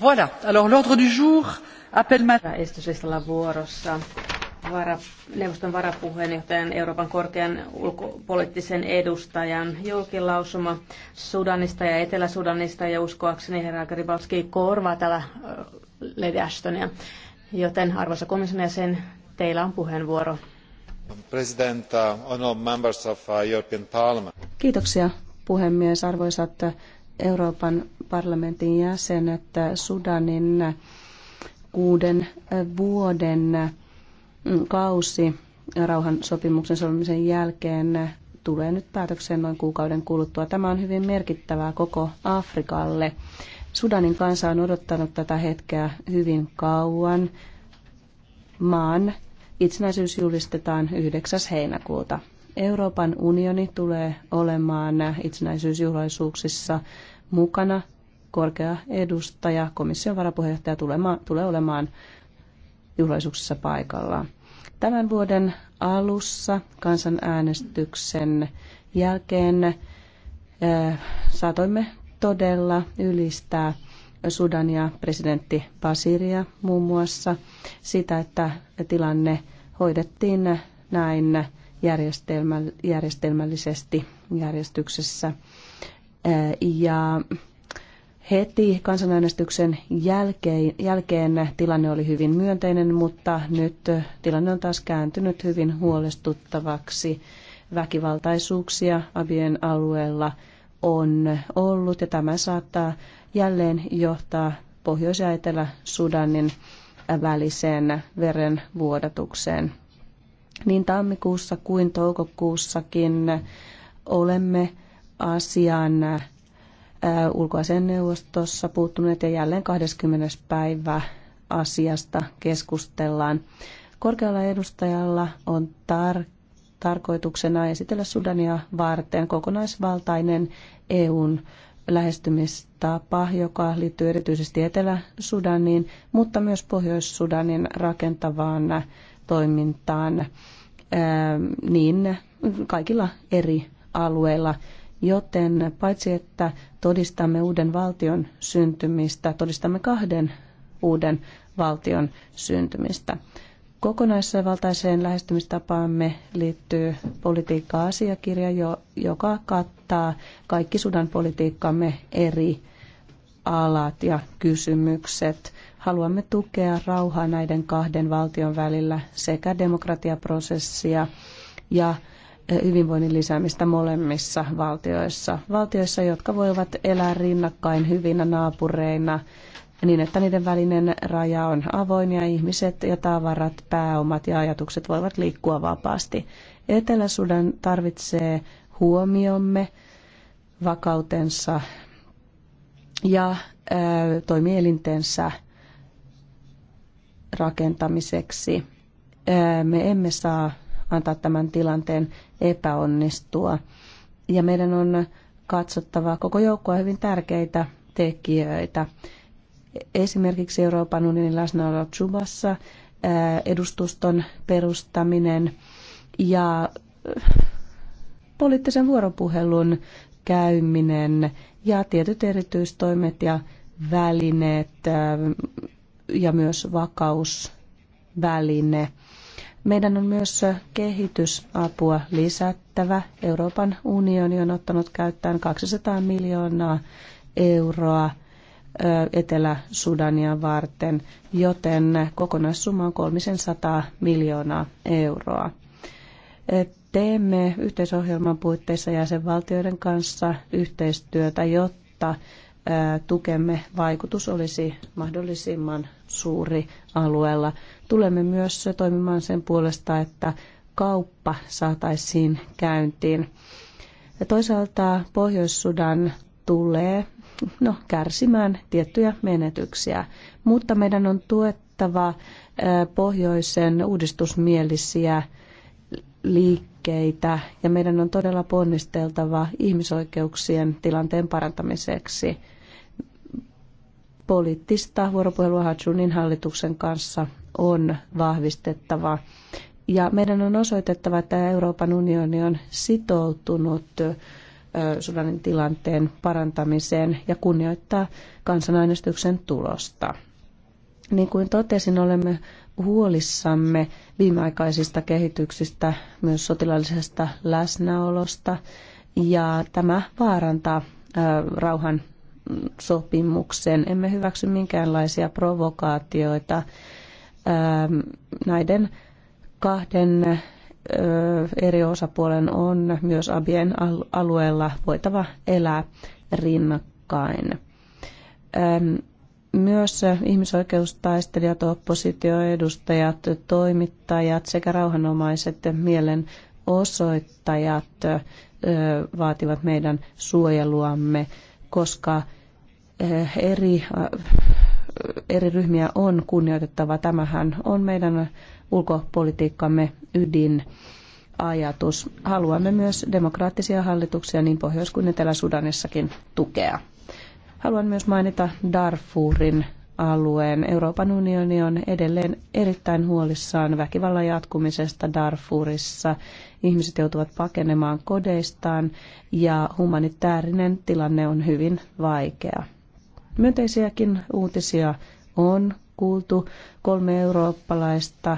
Voilà. l'ordre du jour appelle vuorossa neuvoston varapuheenjohtajan Euroopan korkean ulkopoliittisen edustajan julkilausuma Sudanista ja Etelä-Sudanista ja uskoakseni herra Garibalski korvaa täällä Lady Ashtonia. Joten arvoisa komission jäsen, teillä on puheenvuoro. President, honored members of uh, European Parliament. Kiitoksia puhemies, arvoisat Euroopan parlamentin jäsen, että Sudanin kuuden vuoden mm, kausi rauhan sopimuksen solmimisen jälkeen tulee nyt päätökseen noin kuukauden kuluttua. Tämä on hyvin merkittävää koko Afrikalle. Sudanin kansa on odottanut tätä hetkeä hyvin kauan. Maan itsenäisyys julistetaan 9. heinäkuuta. Euroopan unioni tulee olemaan itsenäisyysjuhlaisuuksissa mukana. Korkea edustaja, komission varapuheenjohtaja tulee olemaan juhlaisuuksissa paikallaan. Tämän vuoden alussa kansanäänestyksen jälkeen eh, saatoimme todella ylistää Sudania presidentti Basiria muun muassa sitä, että tilanne hoidettiin näin järjestelmä, järjestelmällisesti järjestyksessä. Ja heti kansanäänestyksen jälkeen, jälkeen tilanne oli hyvin myönteinen, mutta nyt tilanne on taas kääntynyt hyvin huolestuttavaksi. Väkivaltaisuuksia Abien alueella on ollut ja tämä saattaa jälleen johtaa Pohjois- ja Etelä-Sudanin väliseen verenvuodatukseen niin tammikuussa kuin toukokuussakin olemme asian äh, ulkoasian neuvostossa puuttuneet ja jälleen 20. päivä asiasta keskustellaan. Korkealla edustajalla on tar- tarkoituksena esitellä Sudania varten kokonaisvaltainen EUn lähestymistapa, joka liittyy erityisesti Etelä-Sudaniin, mutta myös Pohjois-Sudanin rakentavaan toimintaan niin kaikilla eri alueilla, joten paitsi että todistamme uuden valtion syntymistä, todistamme kahden uuden valtion syntymistä. Kokonaisvaltaiseen lähestymistapaamme liittyy politiikka-asiakirja, joka kattaa kaikki sudan politiikkamme eri alat ja kysymykset. Haluamme tukea rauhaa näiden kahden valtion välillä sekä demokratiaprosessia ja eh, hyvinvoinnin lisäämistä molemmissa valtioissa. Valtioissa, jotka voivat elää rinnakkain hyvinä naapureina niin, että niiden välinen raja on avoin ja ihmiset ja tavarat, pääomat ja ajatukset voivat liikkua vapaasti. Etelä-Sudan tarvitsee huomiomme, vakautensa ja ö, eh, toimielintensä rakentamiseksi. Me emme saa antaa tämän tilanteen epäonnistua. Ja meidän on katsottava koko joukkoa hyvin tärkeitä tekijöitä. Esimerkiksi Euroopan unionin läsnäolo Tsubassa, edustuston perustaminen ja poliittisen vuoropuhelun käyminen ja tietyt erityistoimet ja välineet ja myös vakausväline. Meidän on myös kehitysapua lisättävä. Euroopan unioni on ottanut käyttöön 200 miljoonaa euroa Etelä-Sudania varten, joten kokonaissumma on 300 miljoonaa euroa. Teemme yhteisohjelman puitteissa jäsenvaltioiden kanssa yhteistyötä, jotta tukemme vaikutus olisi mahdollisimman suuri alueella. Tulemme myös toimimaan sen puolesta, että kauppa saataisiin käyntiin. Ja toisaalta Pohjois-Sudan tulee no, kärsimään tiettyjä menetyksiä, mutta meidän on tuettava pohjoisen uudistusmielisiä liikkeitä ja meidän on todella ponnisteltava ihmisoikeuksien tilanteen parantamiseksi poliittista vuoropuhelua Hatsunin hallituksen kanssa on vahvistettava. Ja meidän on osoitettava, että Euroopan unioni on sitoutunut Sudanin tilanteen parantamiseen ja kunnioittaa kansanäänestyksen tulosta. Niin kuin totesin, olemme huolissamme viimeaikaisista kehityksistä, myös sotilaallisesta läsnäolosta, ja tämä vaarantaa rauhan sopimuksen. Emme hyväksy minkäänlaisia provokaatioita ähm, näiden kahden äh, eri osapuolen on myös Abien alueella voitava elää rinnakkain. Ähm, myös ihmisoikeustaistelijat, oppositioedustajat, toimittajat sekä rauhanomaiset mielenosoittajat äh, vaativat meidän suojeluamme koska eh, eri, eh, eri ryhmiä on kunnioitettava. Tämähän on meidän ulkopolitiikkamme ydin ajatus. Haluamme myös demokraattisia hallituksia niin Pohjois- kuin Etelä-Sudanissakin tukea. Haluan myös mainita Darfurin alueen. Euroopan unioni on edelleen erittäin huolissaan väkivallan jatkumisesta Darfurissa. Ihmiset joutuvat pakenemaan kodeistaan ja humanitaarinen tilanne on hyvin vaikea. Myönteisiäkin uutisia on kuultu kolme eurooppalaista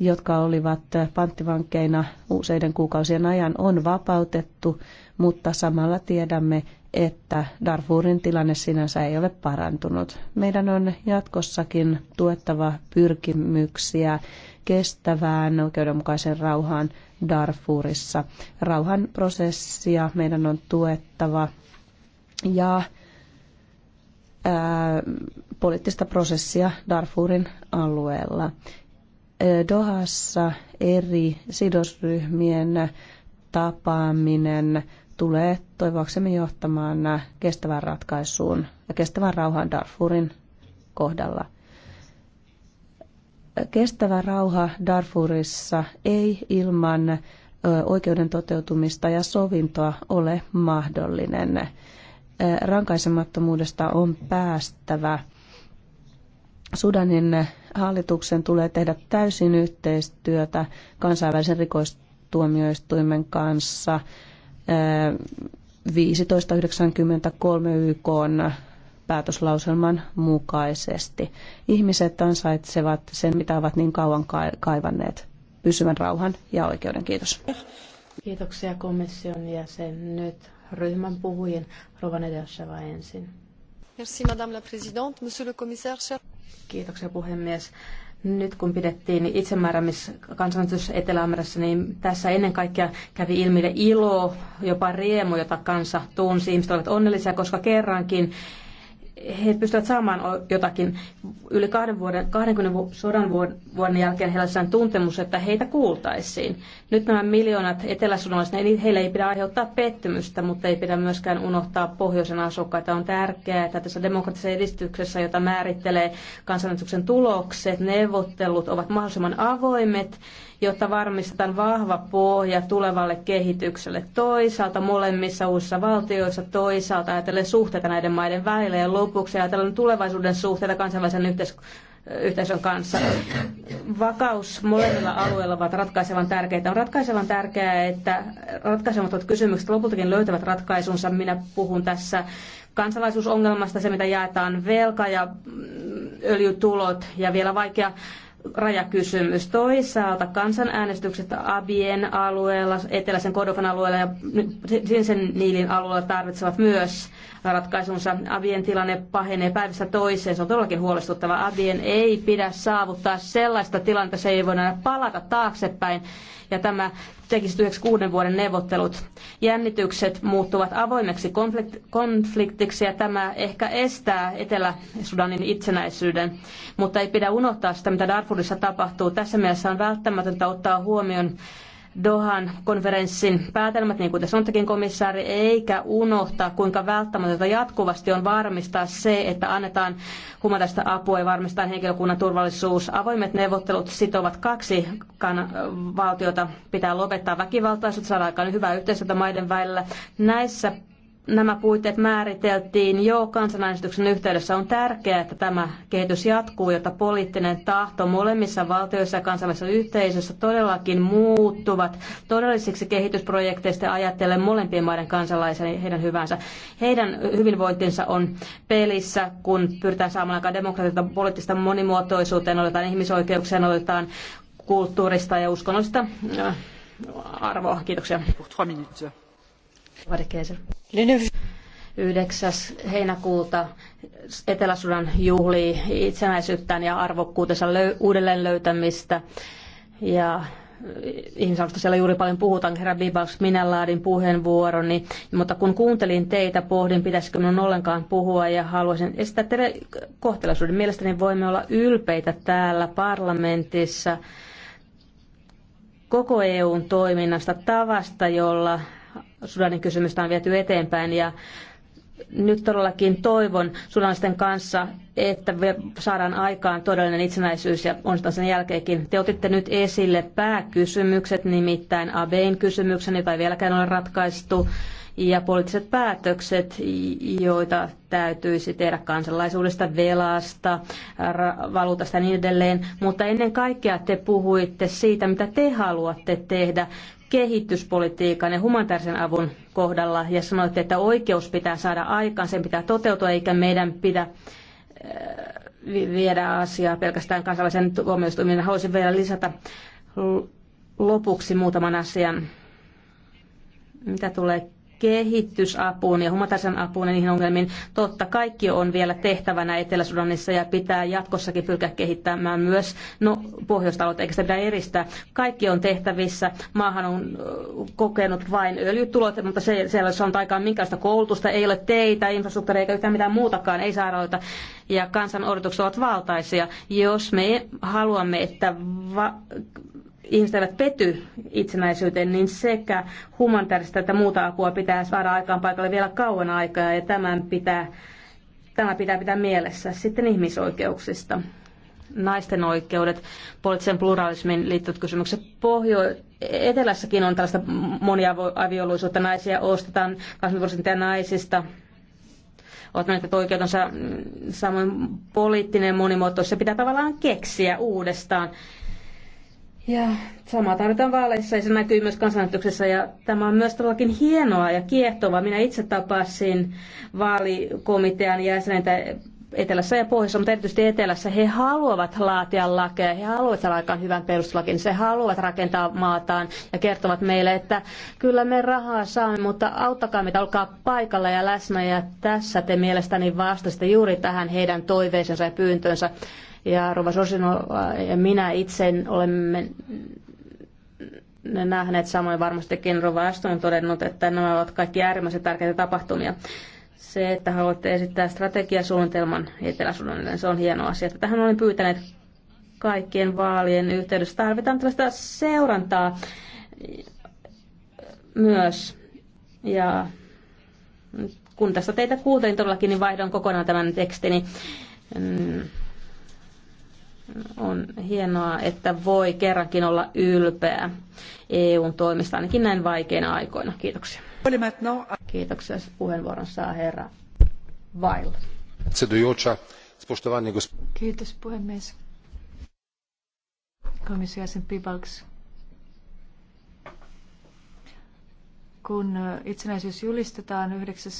jotka olivat panttivankkeina useiden kuukausien ajan, on vapautettu, mutta samalla tiedämme, että Darfurin tilanne sinänsä ei ole parantunut. Meidän on jatkossakin tuettava pyrkimyksiä kestävään oikeudenmukaisen rauhaan Darfurissa. Rauhan prosessia meidän on tuettava ja ää, poliittista prosessia Darfurin alueella. Dohassa eri sidosryhmien tapaaminen tulee toivoaksemme johtamaan kestävään ratkaisuun ja kestävän rauhan Darfurin kohdalla. Kestävä rauha Darfurissa ei ilman oikeuden toteutumista ja sovintoa ole mahdollinen. Rankaisemattomuudesta on päästävä. Sudanin hallituksen tulee tehdä täysin yhteistyötä kansainvälisen rikostuomioistuimen kanssa 1593 YK päätöslauselman mukaisesti. Ihmiset ansaitsevat sen, mitä ovat niin kauan kaivanneet, pysyvän rauhan ja oikeuden. Kiitos. Kiitoksia komission jäsen. Nyt ryhmän puhujien Rovan Edelsheva ensin. Merci, madame la présidente, monsieur le commissaire. Kiitoksia puhemies. Nyt kun pidettiin itsemääräämiskansanotus etelä amerassa niin tässä ennen kaikkea kävi ilmille ilo, jopa riemu, jota kansa tunsi. Ihmiset olivat onnellisia, koska kerrankin he pystyvät saamaan jotakin. Yli kahden vuoden, 20 sodan vuoden jälkeen heillä on tuntemus, että heitä kuultaisiin. Nyt nämä miljoonat eteläsudanalaiset, heille ei pidä aiheuttaa pettymystä, mutta ei pidä myöskään unohtaa pohjoisen asukkaita. On tärkeää, että tässä demokratisessa edistyksessä, jota määrittelee kansanäänestyksen tulokset, neuvottelut ovat mahdollisimman avoimet jotta varmistetaan vahva pohja tulevalle kehitykselle toisaalta molemmissa uusissa valtioissa, toisaalta ajatellen suhteita näiden maiden välillä ja lopuksi ajatellen tulevaisuuden suhteita kansainvälisen yhteiskunnan yhteisön kanssa. Vakaus molemmilla alueilla ovat ratkaisevan tärkeitä. On ratkaisevan tärkeää, että ratkaisemattomat kysymykset lopultakin löytävät ratkaisunsa. Minä puhun tässä kansalaisuusongelmasta, se mitä jaetaan velka ja mm, öljytulot ja vielä vaikea rajakysymys. Toisaalta kansanäänestykset Abien alueella, eteläisen Kordofan alueella ja Sinsen Niilin alueella tarvitsevat myös ratkaisunsa. Abien tilanne pahenee päivästä toiseen. Se on todellakin huolestuttava. Abien ei pidä saavuttaa sellaista tilannetta, se ei voida palata taaksepäin ja tämä tekisi yhdeksi vuoden neuvottelut. Jännitykset muuttuvat avoimeksi konfliktiksi ja tämä ehkä estää Etelä-Sudanin itsenäisyyden, mutta ei pidä unohtaa sitä, mitä Darfurissa tapahtuu. Tässä mielessä on välttämätöntä ottaa huomioon Dohan konferenssin päätelmät, niin kuin te sanottekin komissaari, eikä unohtaa, kuinka välttämätöntä jatkuvasti on varmistaa se, että annetaan humanitaarista apua ja varmistetaan henkilökunnan turvallisuus. Avoimet neuvottelut sitovat kaksi valtiota. Pitää lopettaa väkivaltaisuus, saada aikaan hyvää yhteistyötä maiden välillä. Näissä Nämä puitteet määriteltiin jo kansanäänestyksen yhteydessä. On tärkeää, että tämä kehitys jatkuu, jotta poliittinen tahto molemmissa valtioissa ja kansainvälisessä yhteisössä todellakin muuttuvat todellisiksi kehitysprojekteista ajatellen molempien maiden kansalaisia ja heidän hyvänsä. Heidän hyvinvointinsa on pelissä, kun pyritään saamaan aikaan demokratiota, poliittista monimuotoisuuteen, otetaan ihmisoikeuksia, otetaan kulttuurista ja uskonnollista äh, arvoa. Kiitoksia. 9. heinäkuuta Etelä-Sudan juhlii itsenäisyyttään ja arvokkuutensa löy- uudelleen löytämistä. Ja ihmisarvosta siellä juuri paljon puhutaan, herra Bibas Minelaadin laadin puheenvuoroni, mutta kun kuuntelin teitä, pohdin, pitäisikö minun ollenkaan puhua ja haluaisin esittää teidän kohtelaisuuden. Mielestäni voimme olla ylpeitä täällä parlamentissa koko EUn toiminnasta, tavasta, jolla Sudanin kysymystä on viety eteenpäin ja nyt todellakin toivon Sudanisten kanssa, että me saadaan aikaan todellinen itsenäisyys ja onnistaan sen jälkeenkin. Te otitte nyt esille pääkysymykset, nimittäin Abein kysymyksen, jota ei vieläkään ole ratkaistu, ja poliittiset päätökset, joita täytyisi tehdä kansalaisuudesta, velasta, valuutasta ja niin edelleen. Mutta ennen kaikkea te puhuitte siitä, mitä te haluatte tehdä kehityspolitiikan ja humanitaarisen avun kohdalla ja sanoitte, että oikeus pitää saada aikaan, sen pitää toteutua eikä meidän pidä äh, viedä asiaa pelkästään kansalaisen tuomioistuimen. Haluaisin vielä lisätä lopuksi muutaman asian, mitä tulee kehitysapuun ja humanitaarisen apuun ja niihin ongelmiin. Totta, kaikki on vielä tehtävänä Etelä-Sudanissa ja pitää jatkossakin pyrkiä kehittämään myös no, pohjoistaloutta, eikä sitä pidä eristää. Kaikki on tehtävissä. Maahan on kokenut vain öljytulot, mutta se, siellä on saanut aikaan minkäänlaista koulutusta, ei ole teitä, infrastruktuuria eikä yhtään mitään muutakaan, ei sairaaloita. Ja kansan odotukset ovat valtaisia. Jos me haluamme, että va- ihmiset eivät petty itsenäisyyteen, niin sekä humanitaarista että muuta apua pitää saada aikaan paikalle vielä kauan aikaa ja tämän pitää, tämä pitää pitää mielessä sitten ihmisoikeuksista naisten oikeudet, poliittisen pluralismin liittyvät kysymykset. Pohjo- Etelässäkin on tällaista moniavioluisuutta. Naisia ostetaan 20 prosenttia naisista ovat menettäneet oikeutensa samoin poliittinen monimuotoisuus. Se pitää tavallaan keksiä uudestaan ja sama tarvitaan vaaleissa ja se näkyy myös kansanäänestyksessä ja tämä on myös todellakin hienoa ja kiehtovaa. Minä itse tapasin vaalikomitean jäsenentä etelässä ja pohjoisessa, mutta erityisesti etelässä, he haluavat laatia lakeja, he haluavat saada aikaan hyvän perustuslakin, he haluavat rakentaa maataan ja kertovat meille, että kyllä me rahaa saamme, mutta auttakaa meitä, olkaa paikalla ja läsnä ja tässä te mielestäni vastasitte juuri tähän heidän toiveisensa ja pyyntöönsä ja Rova Sosino ja äh, minä itse olemme nähneet samoin varmastikin Rova Aston on todennut, että nämä ovat kaikki äärimmäisen tärkeitä tapahtumia. Se, että haluatte esittää strategiasuunnitelman etelä se on hieno asia. Tähän olen pyytänyt kaikkien vaalien yhteydessä. Tarvitaan tällaista seurantaa myös. Ja kun tästä teitä kuultiin todellakin, niin vaihdon kokonaan tämän tekstini. Mm on hienoa, että voi kerrankin olla ylpeä EUn toimista ainakin näin vaikeina aikoina. Kiitoksia. Kiitoksia. Puheenvuoron saa herra Vail. Kiitos puhemies. Komissiaisen Pibalks. Kun itsenäisyys julistetaan 9.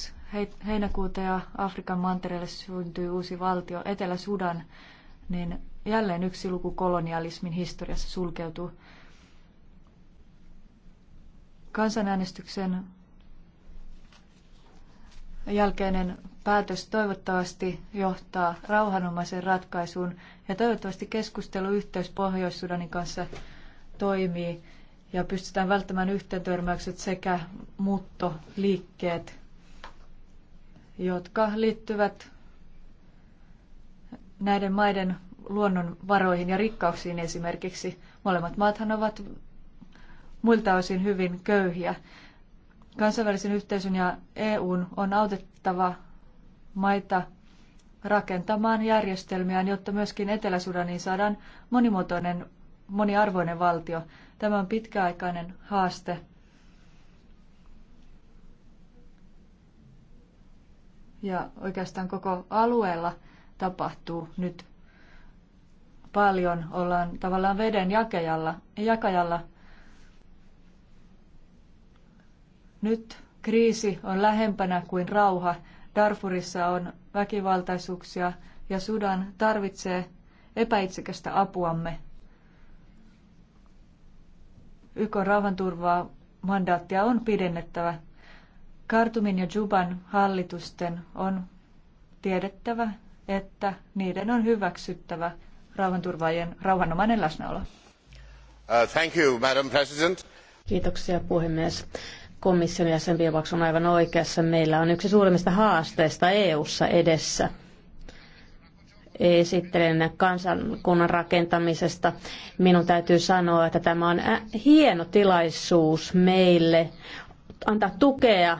heinäkuuta ja Afrikan mantereelle syntyy uusi valtio, Etelä-Sudan, niin jälleen yksi luku kolonialismin historiassa sulkeutuu. Kansanäänestyksen jälkeinen päätös toivottavasti johtaa rauhanomaiseen ratkaisuun ja toivottavasti keskusteluyhteys Pohjois-Sudanin kanssa toimii ja pystytään välttämään yhteentörmäykset sekä muuttoliikkeet, jotka liittyvät näiden maiden luonnonvaroihin ja rikkauksiin esimerkiksi. Molemmat maathan ovat muilta osin hyvin köyhiä. Kansainvälisen yhteisön ja EUn on autettava maita rakentamaan järjestelmiään, jotta myöskin Etelä-Sudaniin saadaan monimuotoinen, moniarvoinen valtio. Tämä on pitkäaikainen haaste. Ja oikeastaan koko alueella tapahtuu nyt paljon ollaan tavallaan veden jakajalla. jakajalla. Nyt kriisi on lähempänä kuin rauha. Darfurissa on väkivaltaisuuksia ja Sudan tarvitsee epäitsekästä apuamme. YK rauhanturvaa mandaattia on pidennettävä. Kartumin ja Juban hallitusten on tiedettävä, että niiden on hyväksyttävä rauhanturvaajien rauhanomainen läsnäolo. Uh, thank you, Madam President. Kiitoksia puhemies. Komission jäsen Bievaks on aivan oikeassa. Meillä on yksi suurimmista haasteista EU:ssa edessä esittelen kansankunnan rakentamisesta. Minun täytyy sanoa, että tämä on äh, hieno tilaisuus meille antaa tukea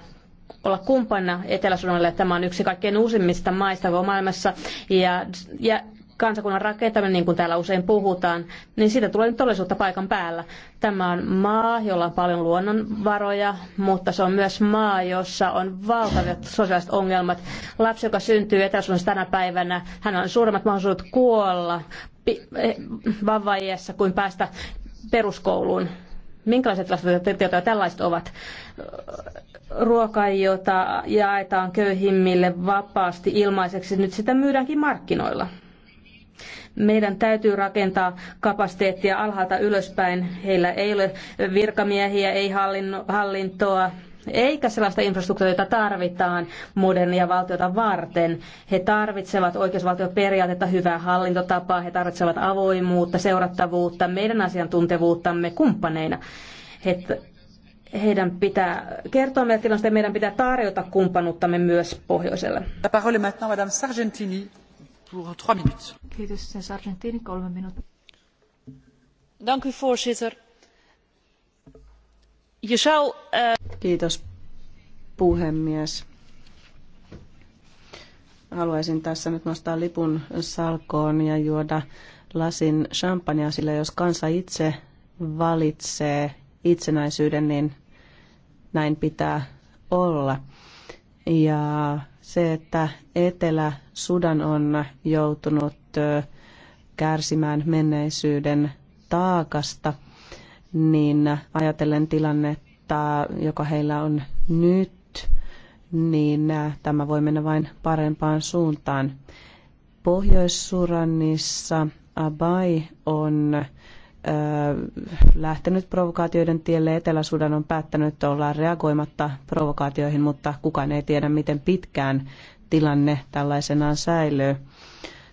olla kumppana Etelä-Sudanille. Tämä on yksi kaikkein uusimmista maista maailmassa ja, ja kansakunnan rakentaminen, niin kuin täällä usein puhutaan, niin siitä tulee nyt todellisuutta paikan päällä. Tämä on maa, jolla on paljon luonnonvaroja, mutta se on myös maa, jossa on valtavat sosiaaliset ongelmat. Lapsi, joka syntyy etäisuudessa tänä päivänä, hän on suuremmat mahdollisuudet kuolla eh, vavvaiessa kuin päästä peruskouluun. Minkälaiset tietoja tällaiset ovat? Ruoka, jota jaetaan köyhimmille vapaasti ilmaiseksi, nyt sitä myydäänkin markkinoilla. Meidän täytyy rakentaa kapasiteettia alhaalta ylöspäin. Heillä ei ole virkamiehiä, ei hallintoa, eikä sellaista infrastruktuuria, jota tarvitaan modernia valtiota varten. He tarvitsevat oikeusvaltioperiaatetta, hyvää hallintotapaa, he tarvitsevat avoimuutta, seurattavuutta, meidän asiantuntevuuttamme kumppaneina. He, heidän pitää kertoa meille tilanteesta ja meidän pitää tarjota kumppanuuttamme myös pohjoiselle. La parole maintenant, Madame Sargentini pour trois minutes. Kiitos, Dank u, voorzitter. Je zou, uh... Kiitos, puhemies. Haluaisin tässä nyt nostaa lipun salkoon ja juoda lasin champagnea, sillä jos kansa itse valitsee itsenäisyyden, niin näin pitää olla. Ja se, että etelä Sudan on joutunut kärsimään menneisyyden taakasta, niin ajatellen tilannetta, joka heillä on nyt, niin tämä voi mennä vain parempaan suuntaan. Pohjois-Suranissa Abai on lähtenyt provokaatioiden tielle. Etelä-Sudan on päättänyt olla reagoimatta provokaatioihin, mutta kukaan ei tiedä, miten pitkään tilanne tällaisenaan säilyy.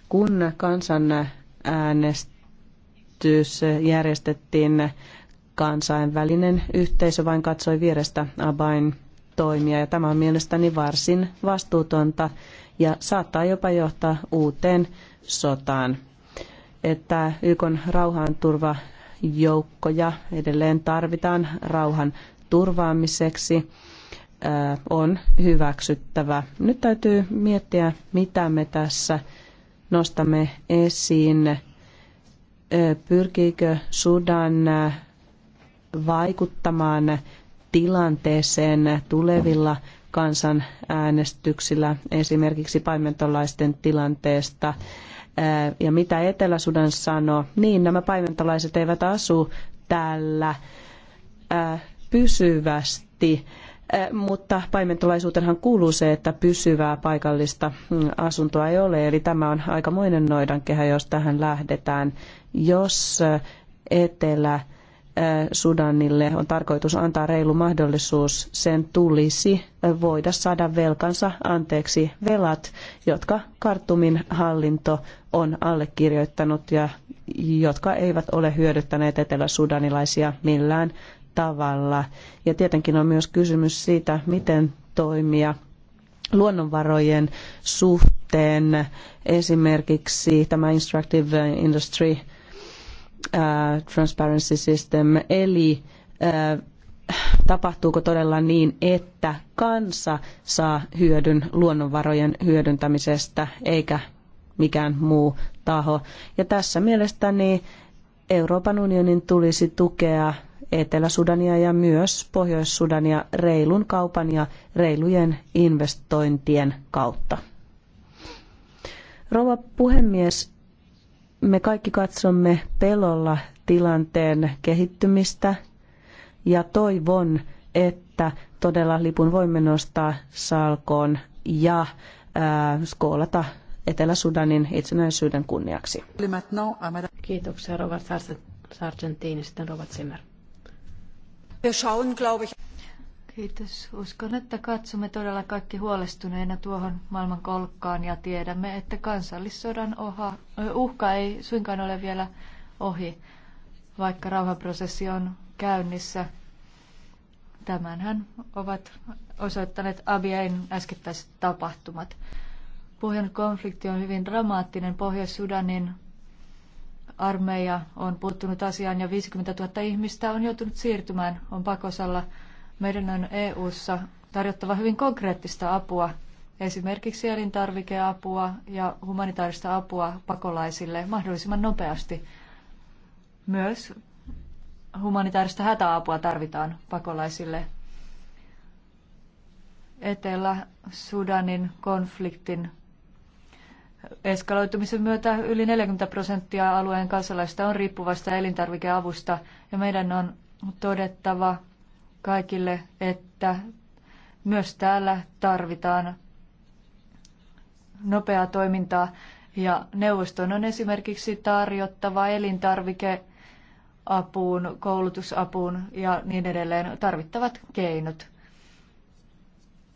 Kun kansanäänestys järjestettiin, kansainvälinen yhteisö vain katsoi vierestä Abain toimia ja tämä on mielestäni varsin vastuutonta ja saattaa jopa johtaa uuteen sotaan. Että YK rauhanturvajoukkoja edelleen tarvitaan rauhan turvaamiseksi on hyväksyttävä. Nyt täytyy miettiä, mitä me tässä nostamme esiin. Pyrkiikö Sudan vaikuttamaan tilanteeseen tulevilla kansanäänestyksillä, esimerkiksi paimentolaisten tilanteesta. Ja mitä Etelä-Sudan sanoo, niin nämä paimentolaiset eivät asu täällä pysyvästi. Äh, mutta paimentolaisuutenhan kuuluu se, että pysyvää paikallista mm, asuntoa ei ole, eli tämä on aikamoinen noidankehä, jos tähän lähdetään. Jos äh, etelä äh, Sudanille on tarkoitus antaa reilu mahdollisuus, sen tulisi voida saada velkansa anteeksi velat, jotka Kartumin hallinto on allekirjoittanut ja jotka eivät ole hyödyttäneet eteläsudanilaisia millään tavalla. Ja tietenkin on myös kysymys siitä, miten toimia luonnonvarojen suhteen. Esimerkiksi tämä Instructive Industry äh, Transparency System, eli äh, tapahtuuko todella niin, että kansa saa hyödyn luonnonvarojen hyödyntämisestä eikä mikään muu taho. Ja tässä mielestäni Euroopan unionin tulisi tukea Etelä-Sudania ja myös Pohjois-Sudania reilun kaupan ja reilujen investointien kautta. Rouva puhemies, me kaikki katsomme pelolla tilanteen kehittymistä ja toivon, että todella lipun voimme nostaa salkoon ja ää, skoolata Etelä-Sudanin itsenäisyyden kunniaksi. Kiitoksia Robert Sargentini, sitten Robert Zimmer. Kiitos. Uskon, että katsomme todella kaikki huolestuneena tuohon maailman kolkkaan ja tiedämme, että kansallissodan oha, uhka ei suinkaan ole vielä ohi, vaikka rauhanprosessi on käynnissä. Tämänhän ovat osoittaneet Abiein äskettäiset tapahtumat. Pohjan konflikti on hyvin dramaattinen Pohjois-Sudanin armeija on puuttunut asiaan ja 50 000 ihmistä on joutunut siirtymään, on pakosalla. Meidän on EU-ssa tarjottava hyvin konkreettista apua, esimerkiksi elintarvikeapua ja humanitaarista apua pakolaisille mahdollisimman nopeasti. Myös humanitaarista hätäapua tarvitaan pakolaisille. Etelä-Sudanin konfliktin Eskaloitumisen myötä yli 40 prosenttia alueen kansalaista on riippuvasta elintarvikeavusta ja meidän on todettava kaikille, että myös täällä tarvitaan nopeaa toimintaa ja neuvoston on esimerkiksi tarjottava elintarvikeapuun, koulutusapuun ja niin edelleen tarvittavat keinot.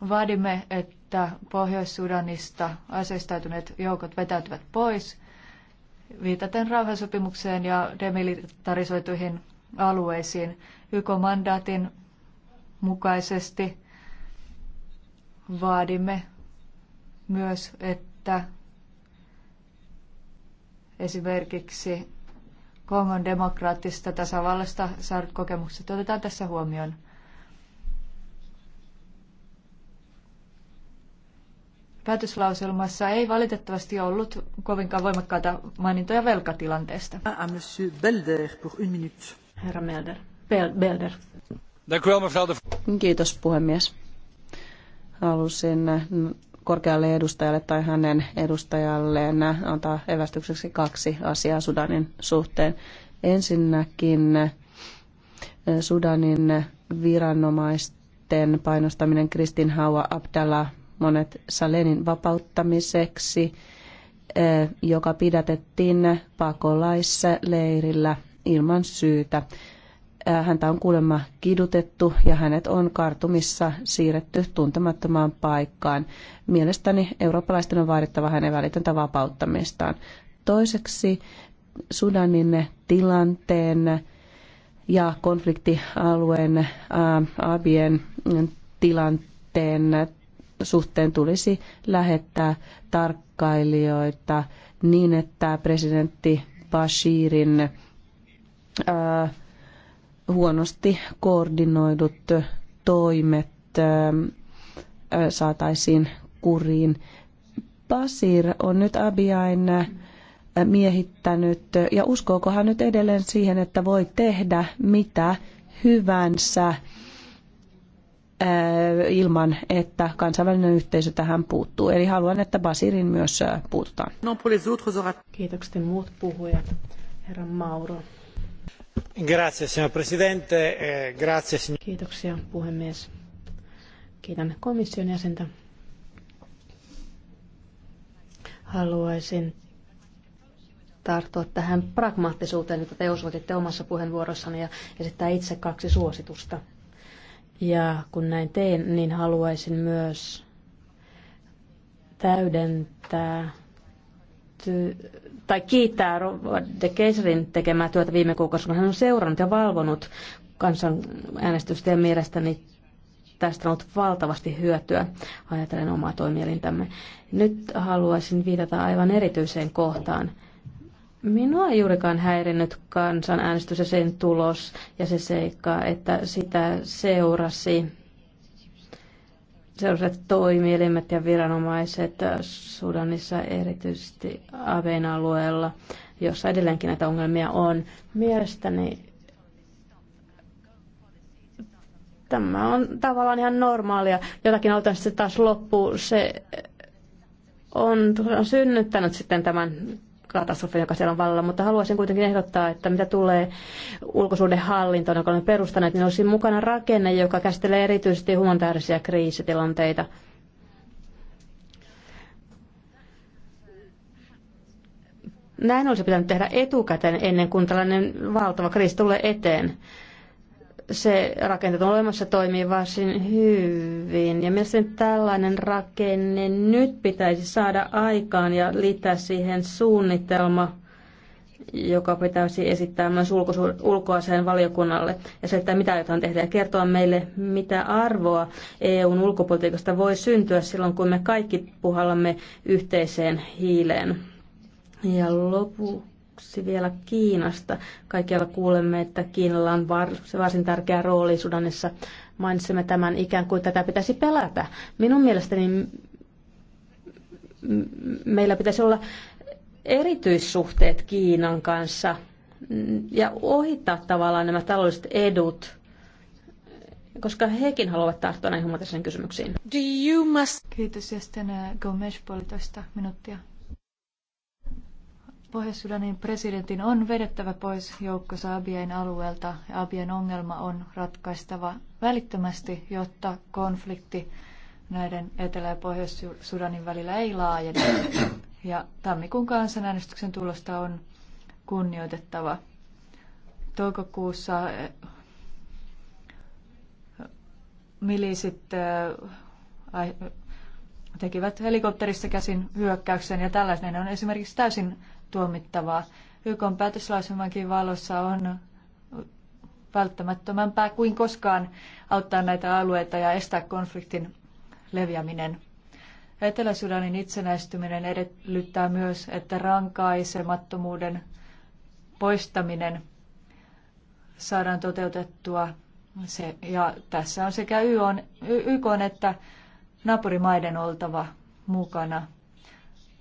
Vaadimme, että että Pohjois-Sudanista aseistautuneet joukot vetäytyvät pois, viitaten rauhansopimukseen ja demilitarisoituihin alueisiin YK-mandaatin mukaisesti vaadimme myös, että esimerkiksi Kongon demokraattista tasavallasta saadut kokemukset otetaan tässä huomioon. päätöslauselmassa ei valitettavasti ollut kovinkaan voimakkaita mainintoja velkatilanteesta. Ah, ah, Herra Melder. Belder. Kiitos puhemies. Halusin korkealle edustajalle tai hänen edustajalleen antaa evästykseksi kaksi asiaa Sudanin suhteen. Ensinnäkin eh, Sudanin viranomaisten painostaminen Kristin Hawa Abdallah monet Salenin vapauttamiseksi, eh, joka pidätettiin pakolaisleirillä ilman syytä. Eh, häntä on kuulemma kidutettu ja hänet on kartumissa siirretty tuntemattomaan paikkaan. Mielestäni eurooppalaisten on vaadittava hänen välitöntä vapauttamistaan. Toiseksi Sudanin tilanteen ja konfliktialueen Abien tilanteen suhteen tulisi lähettää tarkkailijoita niin, että presidentti Bashirin ää, huonosti koordinoidut toimet ää, saataisiin kuriin. Basir on nyt Abiain miehittänyt ja uskookohan nyt edelleen siihen, että voi tehdä mitä hyvänsä ilman, että kansainvälinen yhteisö tähän puuttuu. Eli haluan, että Basirin myös puututaan. Kiitokset muut puhujat. Herra Mauro. Grazie, signor Presidente. E grazie, signor... Kiitoksia, puhemies. Kiitän komission jäsentä. Haluaisin tarttua tähän pragmaattisuuteen, jota te osoititte omassa puheenvuorossani ja esittää itse kaksi suositusta ja kun näin teen, niin haluaisin myös täydentää ty- tai kiittää Rova de Keiserin tekemää työtä viime kuukausina. Hän on seurannut ja valvonut kansanäänestystä ja mielestäni tästä on ollut valtavasti hyötyä ajatellen omaa toimielintämme. Nyt haluaisin viitata aivan erityiseen kohtaan, Minua ei juurikaan häirinnyt kansanäänestys ja sen tulos ja se seikka, että sitä seurasi sellaiset toimielimet ja viranomaiset Sudanissa, erityisesti Aven alueella, jossa edelleenkin näitä ongelmia on. Mielestäni tämä on tavallaan ihan normaalia. Jotakin autan sitten taas loppuu. Se on synnyttänyt sitten tämän katastrofi, joka siellä on vallalla, mutta haluaisin kuitenkin ehdottaa, että mitä tulee hallintoon, joka on perustanut, niin olisi mukana rakenne, joka käsittelee erityisesti humanitaarisia kriisitilanteita. Näin olisi pitänyt tehdä etukäteen ennen kuin tällainen valtava kriisi tulee eteen. Se rakenteet on olemassa toimii varsin hyvin toimiin. Ja mielestäni tällainen rakenne nyt pitäisi saada aikaan ja liittää siihen suunnitelma, joka pitäisi esittää myös ulkoaseen valiokunnalle ja se, että mitä aiotaan tehdä ja kertoa meille, mitä arvoa EUn ulkopolitiikasta voi syntyä silloin, kun me kaikki puhallamme yhteiseen hiileen. Ja lopuksi vielä Kiinasta. Kaikkialla kuulemme, että Kiinalla on varsin tärkeä rooli Sudanissa Mainitsimme tämän ikään kuin tätä pitäisi pelätä. Minun mielestäni meillä pitäisi olla erityissuhteet Kiinan kanssa ja ohittaa tavallaan nämä taloudelliset edut, koska hekin haluavat tarttua näihin humanitaarisiin kysymyksiin. Do you must... Kiitos Jastena äh, Gomes puolitoista minuuttia. Pohjois-Sudanin presidentin on vedettävä pois joukkonsa Abien alueelta ja Abien ongelma on ratkaistava välittömästi, jotta konflikti näiden Etelä- ja Pohjois-Sudanin välillä ei laajene. Ja tammikuun kansanäänestyksen tulosta on kunnioitettava. Toukokuussa eh, milisit eh, tekivät helikopterissa käsin hyökkäyksen ja tällainen on esimerkiksi täysin tuomittavaa. YK päätöslausumankin valossa on välttämättömämpää kuin koskaan auttaa näitä alueita ja estää konfliktin leviäminen. Etelä-Sudanin itsenäistyminen edellyttää myös, että rankaisemattomuuden poistaminen saadaan toteutettua. Se, ja tässä on sekä YK että naapurimaiden oltava mukana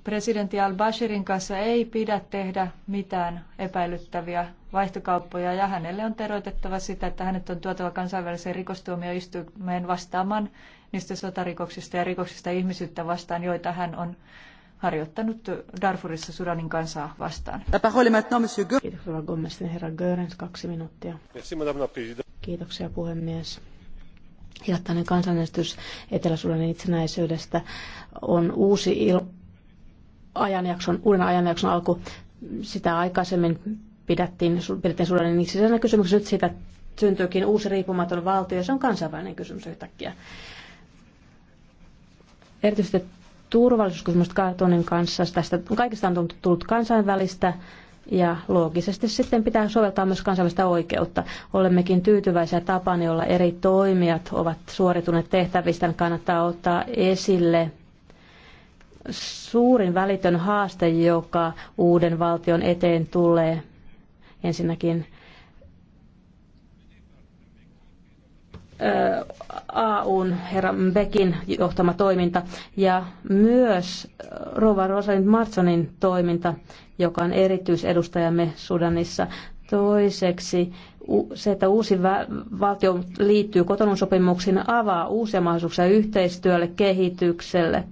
presidentti al-Bashirin kanssa ei pidä tehdä mitään epäilyttäviä vaihtokauppoja ja hänelle on teroitettava sitä, että hänet on tuotava kansainväliseen rikostuomioistuimeen vastaamaan niistä sotarikoksista ja rikoksista ihmisyyttä vastaan, joita hän on harjoittanut Darfurissa Sudanin kansaa vastaan. Kiitoksia Rova Gomez, herra Görens, kaksi minuuttia. Kiitoksia puhemies. Hiljattainen kansanäänestys Etelä-Sudanin itsenäisyydestä on uusi il- ajanjakson, uuden ajanjakson alku. Sitä aikaisemmin pidettiin, pidettiin Sudanin niin sisäisenä kysymyksenä. Nyt siitä syntyykin uusi riippumaton valtio, se on kansainvälinen kysymys yhtäkkiä. Erityisesti turvallisuuskysymykset Kartonin kanssa, tästä kaikista on tullut kansainvälistä ja loogisesti sitten pitää soveltaa myös kansainvälistä oikeutta. Olemmekin tyytyväisiä tapaan, jolla eri toimijat ovat suorituneet tehtävistä. Kannattaa ottaa esille suurin välitön haaste, joka uuden valtion eteen tulee. Ensinnäkin AUn herra Bekin johtama toiminta ja myös Rova Rosalind Martsonin toiminta, joka on erityisedustajamme Sudanissa. Toiseksi se, että uusi valtio liittyy kotonun sopimuksiin, avaa uusia mahdollisuuksia yhteistyölle, kehitykselle –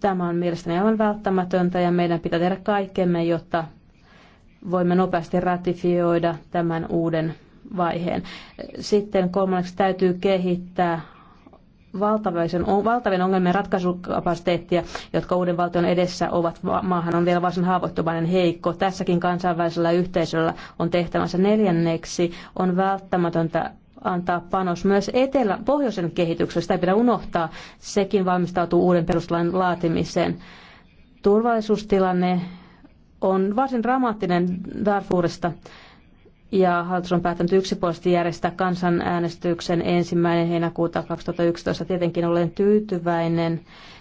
Tämä on mielestäni aivan välttämätöntä ja meidän pitää tehdä kaikkemme, jotta voimme nopeasti ratifioida tämän uuden vaiheen. Sitten kolmanneksi täytyy kehittää valtavien, valtavien ongelmien ratkaisukapasiteettia, jotka uuden valtion edessä ovat. Maahan on vielä varsin haavoittuvainen heikko. Tässäkin kansainvälisellä yhteisöllä on tehtävänsä neljänneksi. On välttämätöntä antaa panos myös etelä, pohjoisen kehityksestä. Sitä ei pidä unohtaa. Sekin valmistautuu uuden perustuslain laatimiseen. Turvallisuustilanne on varsin dramaattinen Darfurista ja hallitus on päättänyt yksipuolisesti järjestää kansanäänestyksen ensimmäinen heinäkuuta 2011. Tietenkin olen tyytyväinen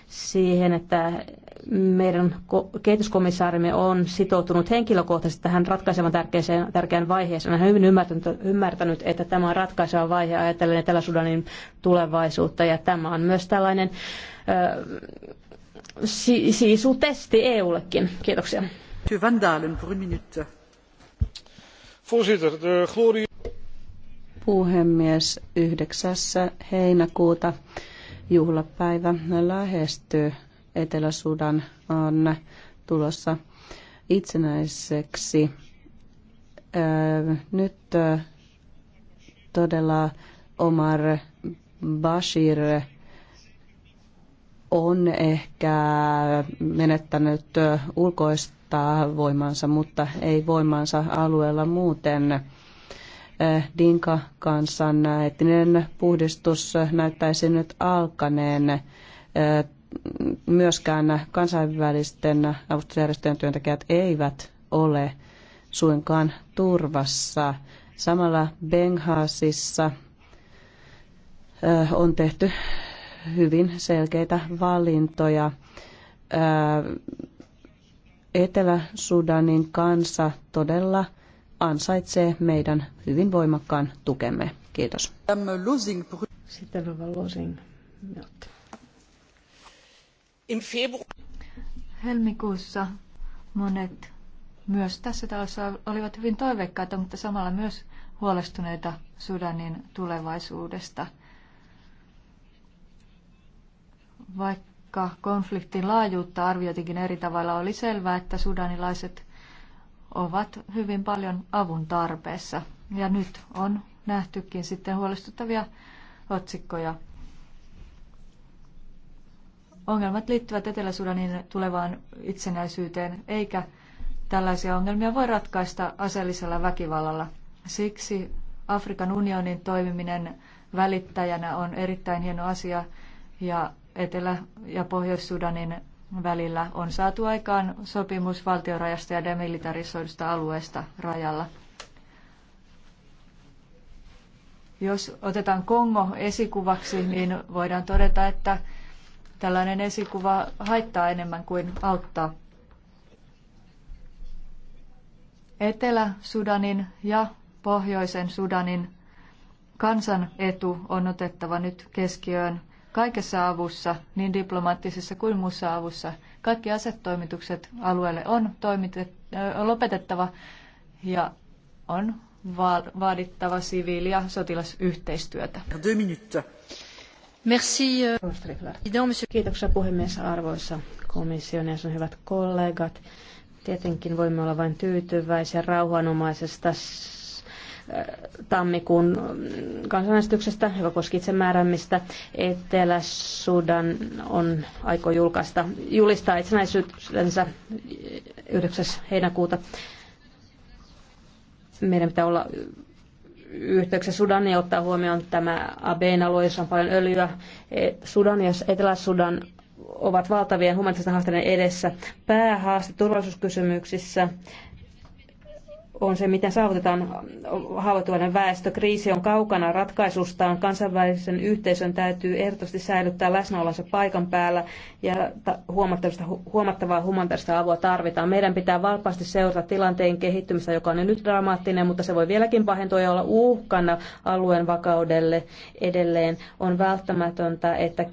siihen, että meidän kehityskomissaarimme on sitoutunut henkilökohtaisesti tähän ratkaisevan tärkeään, tärkeään vaiheeseen. Hän on hyvin ymmärtänyt, ymmärtänyt, että tämä on ratkaiseva vaihe ajatellen Etelä-Sudanin tulevaisuutta ja tämä on myös tällainen äh, si- EUllekin. E Kiitoksia. Voorzitter, de glorie... Puhemies, 9. heinäkuuta juhlapäivä lähestyy Etelä-Sudan on tulossa itsenäiseksi. Nyt todella Omar Bashir on ehkä menettänyt ulkoista voimansa, mutta ei voimansa alueella muuten. Dinka kansan etninen puhdistus näyttäisi nyt alkaneen myöskään kansainvälisten avustusjärjestöjen työntekijät eivät ole suinkaan turvassa. Samalla Benghazissa on tehty hyvin selkeitä valintoja. Etelä-Sudanin kansa todella ansaitsee meidän hyvin voimakkaan tukemme. Kiitos. Sitten Rova Losing. Minuutti. Helmikuussa monet myös tässä talossa olivat hyvin toiveikkaita, mutta samalla myös huolestuneita Sudanin tulevaisuudesta. Vaikka konfliktin laajuutta arvioitikin eri tavalla, oli selvää, että sudanilaiset ovat hyvin paljon avun tarpeessa. Ja nyt on nähtykin sitten huolestuttavia otsikkoja Ongelmat liittyvät Etelä-Sudanin tulevaan itsenäisyyteen, eikä tällaisia ongelmia voi ratkaista aseellisella väkivallalla. Siksi Afrikan unionin toimiminen välittäjänä on erittäin hieno asia ja Etelä- ja Pohjois-Sudanin välillä on saatu aikaan sopimus valtiorajasta ja demilitarisoidusta alueesta rajalla. Jos otetaan Kongo esikuvaksi, niin voidaan todeta, että Tällainen esikuva haittaa enemmän kuin auttaa. Etelä-Sudanin ja Pohjoisen Sudanin kansan etu on otettava nyt keskiöön kaikessa avussa, niin diplomaattisessa kuin muussa avussa. Kaikki asetoimitukset alueelle on lopetettava ja on vaadittava siviili- ja sotilasyhteistyötä. Deux minuuttia. Euh, arvoisa Kiitoksia puhemies arvoisa komission jäsen hyvät kollegat. Tietenkin voimme olla vain tyytyväisiä rauhanomaisesta äh, tammikuun mm, kansanäänestyksestä, joka koski itsemääräämistä. Etelä-Sudan on aikoo julkaista, julistaa itsenäisyytensä 9. heinäkuuta. Meidän pitää olla yhteyksiä Sudania ottaa huomioon tämä Abein alue, jossa on paljon öljyä. E, Sudan ja Etelä-Sudan ovat valtavien humanitaaristen haasteiden edessä. Päähaaste turvallisuuskysymyksissä on se, miten saavutetaan haavoittuvainen väestö. Kriisi on kaukana ratkaisustaan. Kansainvälisen yhteisön täytyy ehdottomasti säilyttää läsnäolonsa paikan päällä ja huomattavaa humanitaarista avua tarvitaan. Meidän pitää valpaasti seurata tilanteen kehittymistä, joka on jo nyt dramaattinen, mutta se voi vieläkin pahentua ja olla uhkana alueen vakaudelle edelleen. On välttämätöntä, että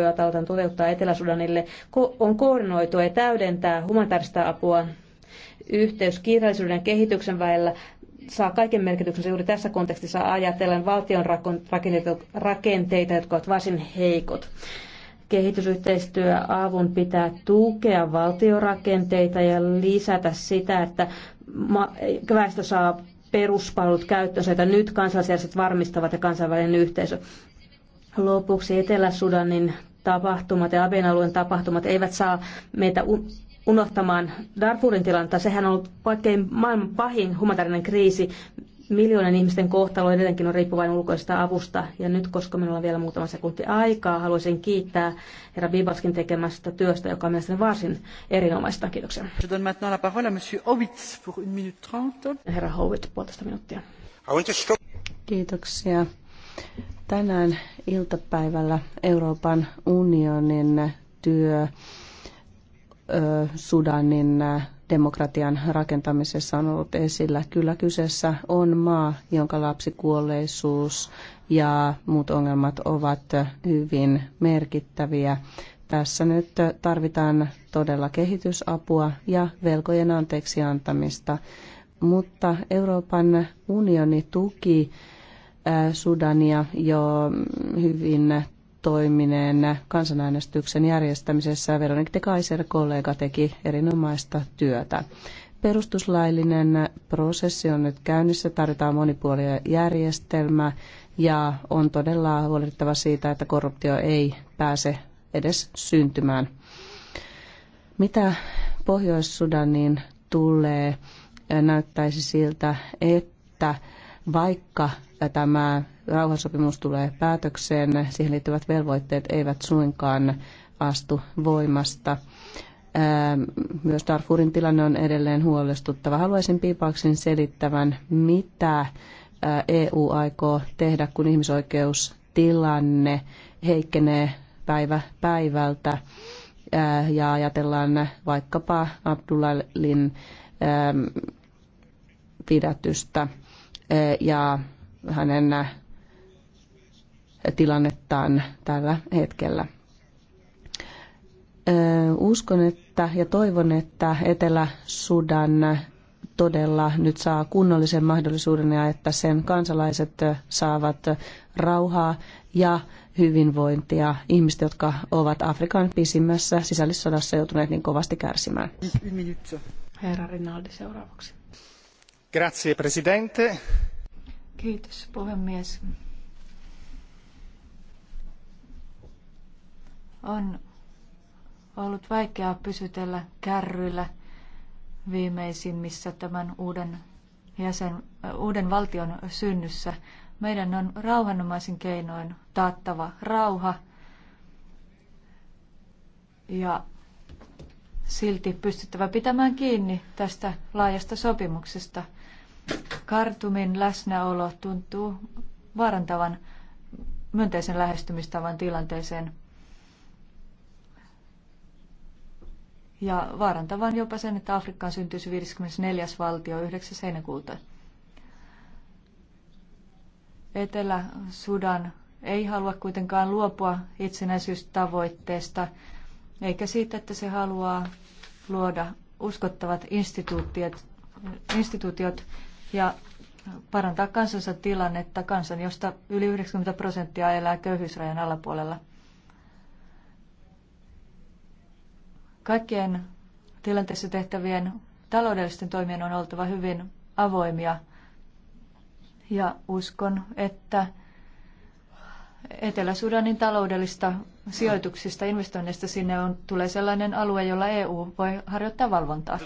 jota aletaan toteuttaa Etelä-Sudanille on koordinoitua ja täydentää humanitaarista apua yhteys kiireellisyyden ja kehityksen välillä saa kaiken merkityksen juuri tässä kontekstissa ajatellen valtion rakenteita, jotka ovat varsin heikot. avun pitää tukea valtiorakenteita ja lisätä sitä, että väestö saa peruspalvelut käyttöönsä, joita nyt kansalaisjärjestöt varmistavat ja kansainvälinen yhteisö. Lopuksi Etelä-Sudanin tapahtumat ja Abin alueen tapahtumat eivät saa meitä unohtamaan Darfurin tilannetta. Sehän on ollut kaikkein maailman pahin humanitaarinen kriisi. Miljoonan ihmisten kohtalo edelleenkin on riippuvainen ulkoisesta avusta. Ja nyt, koska minulla on vielä muutama sekunti aikaa, haluaisin kiittää herra Bibaskin tekemästä työstä, joka on mielestäni varsin erinomaista. Kiitoksia. maintenant la parole à monsieur pour une minute trente. Herra Howitt, puolitoista minuuttia. Kiitoksia. Tänään iltapäivällä Euroopan unionin työ Sudanin demokratian rakentamisessa on ollut esillä. Kyllä kyseessä on maa, jonka lapsikuolleisuus ja muut ongelmat ovat hyvin merkittäviä. Tässä nyt tarvitaan todella kehitysapua ja velkojen anteeksi antamista, mutta Euroopan unioni tuki Sudania jo hyvin toimineen kansanäänestyksen järjestämisessä Veronik de Kaiser kollega teki erinomaista työtä. Perustuslaillinen prosessi on nyt käynnissä, tarvitaan monipuolinen järjestelmä ja on todella huolehdittava siitä, että korruptio ei pääse edes syntymään. Mitä Pohjois-Sudaniin tulee, näyttäisi siltä, että vaikka tämä rauhansopimus tulee päätökseen, siihen liittyvät velvoitteet eivät suinkaan astu voimasta. Ähm, myös Darfurin tilanne on edelleen huolestuttava. Haluaisin Piipauksen selittävän, mitä äh, EU aikoo tehdä, kun ihmisoikeustilanne heikkenee päivä päivältä. Äh, ja ajatellaan vaikkapa Abdullahin ähm, pidätystä. Eh, ja hänen eh, tilannettaan tällä hetkellä. Eh, uskon, että ja toivon, että Etelä-Sudan todella nyt saa kunnollisen mahdollisuuden ja että sen kansalaiset saavat rauhaa ja hyvinvointia Ihmiset, jotka ovat Afrikan pisimmässä sisällissodassa joutuneet niin kovasti kärsimään. Herra Rinaldi seuraavaksi. Grazie, presidente. Kiitos, puhemies. On ollut vaikeaa pysytellä kärryillä viimeisimmissä tämän uuden, jäsen, äh, uuden valtion synnyssä. Meidän on rauhanomaisin keinoin taattava rauha ja silti pystyttävä pitämään kiinni tästä laajasta sopimuksesta – Kartumin läsnäolo tuntuu vaarantavan myönteisen lähestymistavan tilanteeseen ja vaarantavan jopa sen, että Afrikkaan syntyisi 54. valtio 9. heinäkuuta. Etelä-Sudan ei halua kuitenkaan luopua itsenäisyystavoitteesta, eikä siitä, että se haluaa luoda uskottavat instituutiot, instituutiot ja parantaa kansansa tilannetta, kansan, josta yli 90 prosenttia elää köyhyysrajan alapuolella. Kaikkien tilanteessa tehtävien taloudellisten toimien on oltava hyvin avoimia ja uskon, että Etelä-Sudanin taloudellista sijoituksista, investoinneista sinne on, tulee sellainen alue, jolla EU voi harjoittaa valvontaa.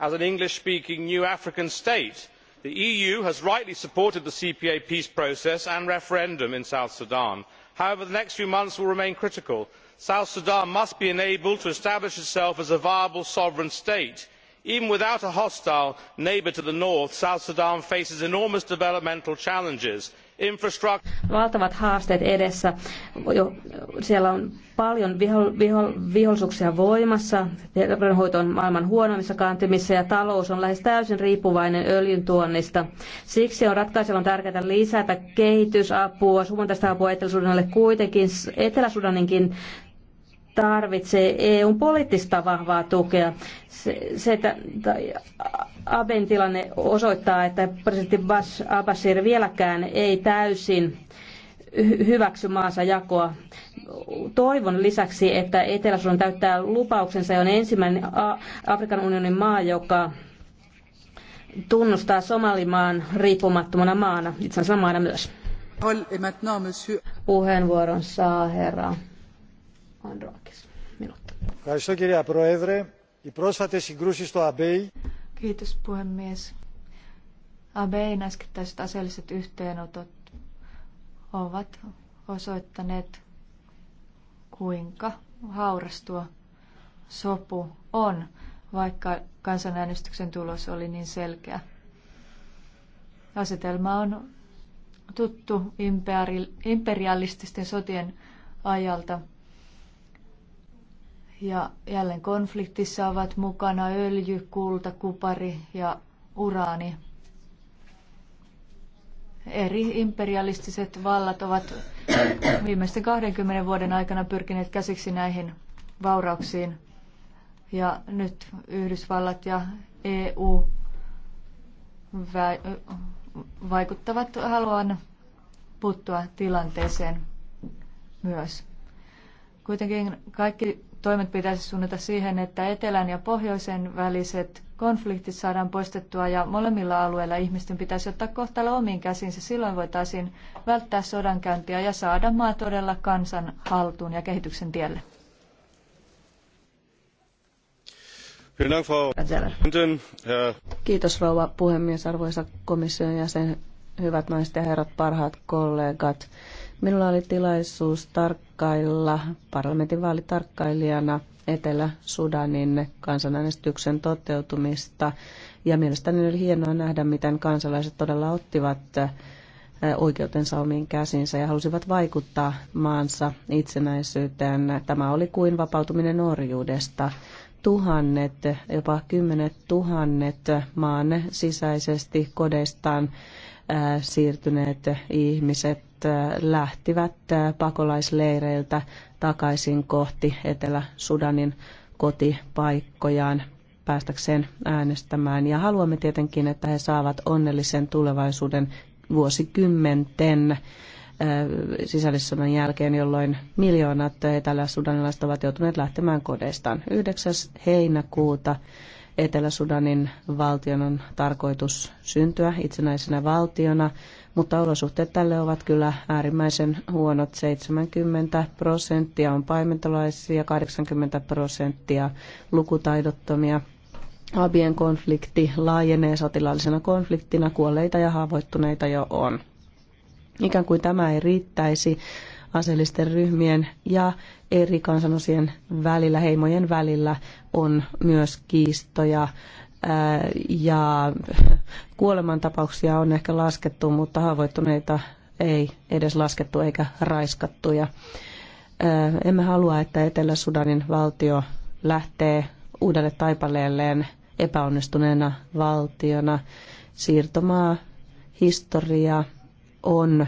as an English-speaking new African state. The EU has rightly supported the CPA peace process and referendum in South Sudan. However, the next few months will remain critical. South Sudan must be enabled to establish itself as a viable sovereign state even without a hostile neighbour to the north south sudan faces enormous developmental challenges Valtavat haasteet edessä. Siellä on paljon viho, viho, voimassa, terveydenhoito on maailman huonoimmissa kantimissa ja talous on lähes täysin riippuvainen öljyn tuonnista. Siksi on ratkaisevan tärkeää lisätä kehitysapua, suuntaista apua Etelä-Sudanille kuitenkin. Etelä-Sudaninkin tarvitsee EUn poliittista vahvaa tukea. Se, se että Aben tilanne osoittaa, että presidentti Bas Abbasir vieläkään ei täysin hyväksy maansa jakoa. Toivon lisäksi, että Etelä-Sudan täyttää lupauksensa ja on ensimmäinen Afrikan unionin maa, joka tunnustaa Somalimaan riippumattomana maana, itse asiassa maana myös. Puheenvuoron saa herra Androakis. Kiitos puhemies. ABEIN äskettäiset aseelliset yhteenotot ovat osoittaneet, kuinka hauras sopu on, vaikka kansanäänestyksen tulos oli niin selkeä. Asetelma on tuttu imperialististen sotien ajalta – ja jälleen konfliktissa ovat mukana öljy, kulta, kupari ja uraani. Eri imperialistiset vallat ovat viimeisten 20 vuoden aikana pyrkineet käsiksi näihin vaurauksiin. Ja nyt Yhdysvallat ja EU vaikuttavat haluan puuttua tilanteeseen myös. Kuitenkin kaikki toimet pitäisi suunnata siihen, että etelän ja pohjoisen väliset konfliktit saadaan poistettua ja molemmilla alueilla ihmisten pitäisi ottaa kohtalo omiin käsinsä. Silloin voitaisiin välttää sodankäyntiä ja saada maa todella kansan haltuun ja kehityksen tielle. Äh, Kiitos rouva puhemies, arvoisa komission jäsen, hyvät naiset ja herrat, parhaat kollegat. Minulla oli tilaisuus tarkkailla parlamentin vaalitarkkailijana Etelä-Sudanin kansanäänestyksen toteutumista. Ja mielestäni oli hienoa nähdä, miten kansalaiset todella ottivat oikeutensa omiin käsinsä ja halusivat vaikuttaa maansa itsenäisyyteen. Tämä oli kuin vapautuminen orjuudesta. Tuhannet, jopa kymmenet tuhannet maan sisäisesti kodeistaan siirtyneet ihmiset Äh, lähtivät äh, pakolaisleireiltä takaisin kohti Etelä-Sudanin kotipaikkojaan päästäkseen äänestämään. Ja haluamme tietenkin, että he saavat onnellisen tulevaisuuden vuosikymmenten äh, sisällissodan jälkeen, jolloin miljoonat etelä-sudanilaiset ovat joutuneet lähtemään kodeistaan. 9. heinäkuuta Etelä-Sudanin valtion on tarkoitus syntyä itsenäisenä valtiona mutta olosuhteet tälle ovat kyllä äärimmäisen huonot. 70 prosenttia on paimentolaisia, 80 prosenttia lukutaidottomia. Abien konflikti laajenee sotilaallisena konfliktina, kuolleita ja haavoittuneita jo on. Ikään kuin tämä ei riittäisi, aseellisten ryhmien ja eri kansanosien välillä, heimojen välillä on myös kiistoja ja kuolemantapauksia on ehkä laskettu, mutta haavoittuneita ei edes laskettu eikä raiskattuja. Emme halua, että Etelä-Sudanin valtio lähtee uudelle taipaleelleen epäonnistuneena valtiona. Siirtomaa historia on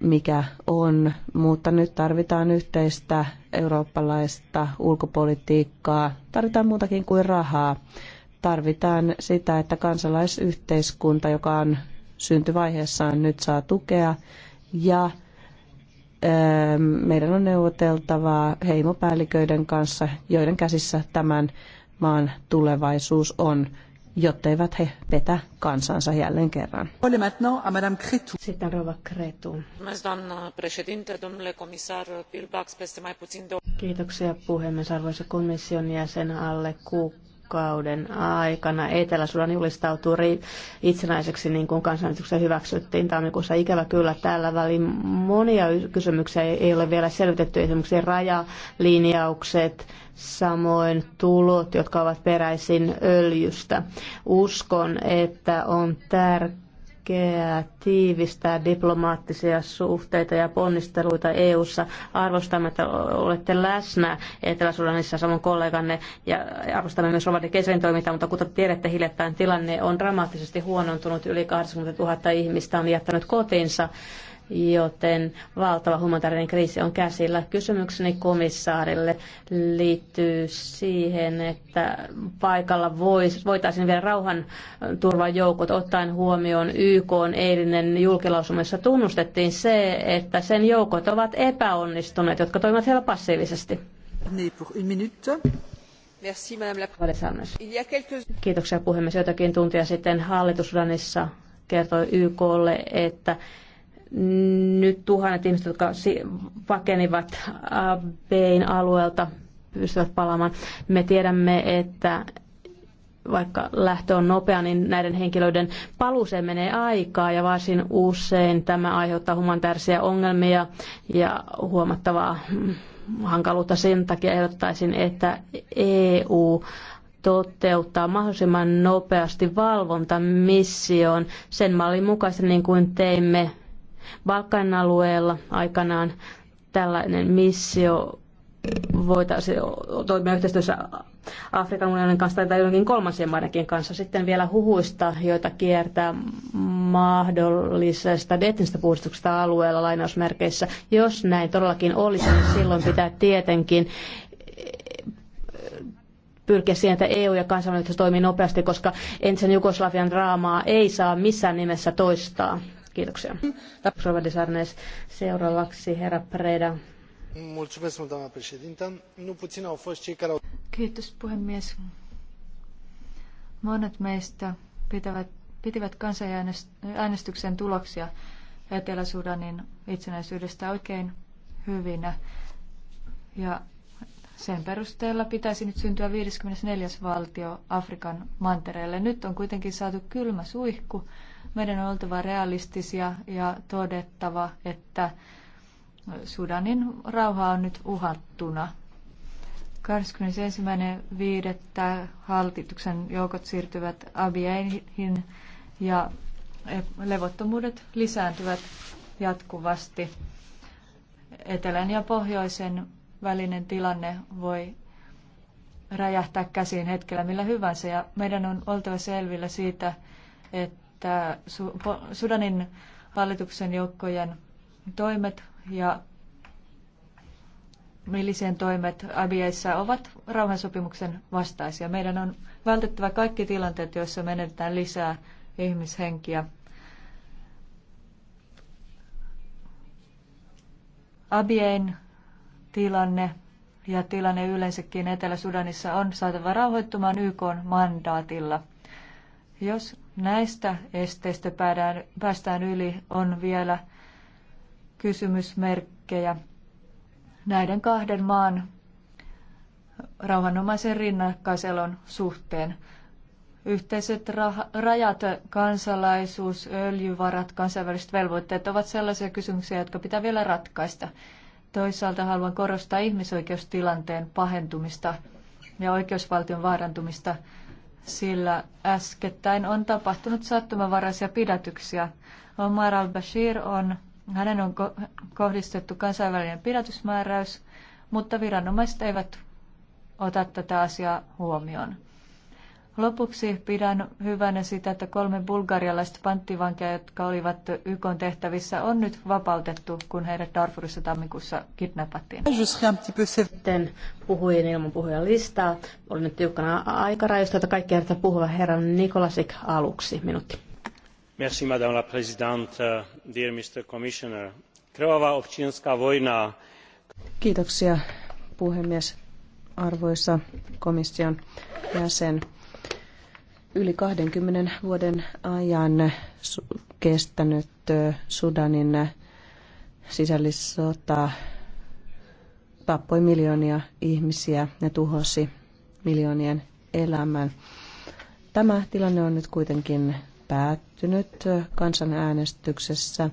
mikä on, mutta nyt tarvitaan yhteistä eurooppalaista ulkopolitiikkaa. Tarvitaan muutakin kuin rahaa tarvitaan sitä, että kansalaisyhteiskunta, joka on syntyvaiheessaan nyt saa tukea ja ähm, meidän on neuvoteltavaa heimopäälliköiden kanssa, joiden käsissä tämän maan tulevaisuus on, jotteivät he petä kansansa jälleen kerran. Sitten Rova Kretu. Kiitoksia puhemies, arvoisa komission jäsen alle Kuukka kauden aikana Etelä-Sudan julistautuu itsenäiseksi, niin kuin kansanäänestyksessä hyväksyttiin tammikuussa. Ikävä kyllä tällä väliin monia kysymyksiä ei ole vielä selvitetty, esimerkiksi rajalinjaukset, samoin tulot, jotka ovat peräisin öljystä. Uskon, että on tärkeää tärkeää tiivistää diplomaattisia suhteita ja ponnisteluita EU:ssa. Arvostamme, että olette läsnä Etelä-Sudanissa samoin kolleganne ja arvostamme myös Rovadin kesän toimintaa, mutta kuten tiedätte, hiljattain tilanne on dramaattisesti huonontunut. Yli 80 000 ihmistä on jättänyt kotinsa joten valtava humanitaarinen kriisi on käsillä. Kysymykseni komissaarille liittyy siihen, että paikalla vois, voitaisiin vielä rauhanturvajoukot ottaen huomioon YK eilinen julkilausumassa tunnustettiin se, että sen joukot ovat epäonnistuneet, jotka toimivat siellä passiivisesti. Niin, Kiitoksia puhemies. Joitakin tuntia sitten hallitus kertoi YKlle, että nyt tuhannet ihmiset, jotka pakenivat Bein alueelta, pystyvät palaamaan. Me tiedämme, että vaikka lähtö on nopea, niin näiden henkilöiden paluuseen menee aikaa ja varsin usein tämä aiheuttaa humanitaarisia ongelmia ja huomattavaa hankaluutta. Sen takia ehdottaisin, että EU toteuttaa mahdollisimman nopeasti valvontamission sen mallin mukaisesti, niin kuin teimme Balkanin alueella aikanaan tällainen missio voitaisiin toimia yhteistyössä Afrikan unionin kanssa tai jonkin kolmansien maidenkin kanssa. Sitten vielä huhuista, joita kiertää mahdollisesta etnisestä puhdistuksesta alueella lainausmerkeissä. Jos näin todellakin olisi, niin silloin pitää tietenkin pyrkiä siihen, että EU ja kansainvälinen toimii nopeasti, koska entisen Jugoslavian draamaa ei saa missään nimessä toistaa. Kiitoksia. Seuraavaksi herra Preda. Mulțumesc doamna președintă. Nu puțin au fost cei care au... Kiitos puhemies. Monet meistä pitävät, pitivät kansanäänestyksen tuloksia Etelä-Sudanin itsenäisyydestä oikein hyvinä. Ja sen perusteella pitäisi nyt syntyä 54. valtio Afrikan mantereelle. Nyt on kuitenkin saatu kylmä suihku meidän on oltava realistisia ja todettava, että Sudanin rauha on nyt uhattuna. 21.5. hallituksen joukot siirtyvät Abieihin ja levottomuudet lisääntyvät jatkuvasti. Etelän ja pohjoisen välinen tilanne voi räjähtää käsiin hetkellä millä hyvänsä ja meidän on oltava selvillä siitä, että tämä Sudanin hallituksen joukkojen toimet ja milisien toimet Abiessa ovat rauhansopimuksen vastaisia. Meidän on vältettävä kaikki tilanteet, joissa menetetään lisää ihmishenkiä. Abiein tilanne ja tilanne yleensäkin Etelä-Sudanissa on saatava rauhoittumaan YK mandaatilla – jos näistä esteistä päästään yli, on vielä kysymysmerkkejä näiden kahden maan rauhanomaisen rinnakkaiselon suhteen. Yhteiset rajat, kansalaisuus, öljyvarat, kansainväliset velvoitteet ovat sellaisia kysymyksiä, jotka pitää vielä ratkaista. Toisaalta haluan korostaa ihmisoikeustilanteen pahentumista ja oikeusvaltion vaarantumista sillä äskettäin on tapahtunut sattumanvaraisia pidätyksiä. Omar al-Bashir on, hänen on kohdistettu kansainvälinen pidätysmääräys, mutta viranomaiset eivät ota tätä asiaa huomioon. Lopuksi pidän hyvänä sitä, että kolme bulgarialaista panttivankia, jotka olivat YK tehtävissä, on nyt vapautettu, kun heidät Darfurissa tammikuussa kidnappattiin. Sitten puhuin ilman puhujan listaa. Olin nyt tiukkana aikarajoista, että kaikki järjestetään puhuva herran Nikolasik aluksi. Minuutti. Merci, madame la présidente, euh, dear Mr. Commissioner. Krvava občinska vojna. Kiitoksia, puhemies, arvoisa komission jäsen yli 20 vuoden ajan kestänyt Sudanin sisällissota tappoi miljoonia ihmisiä ja tuhosi miljoonien elämän. Tämä tilanne on nyt kuitenkin päättynyt kansanäänestyksessä.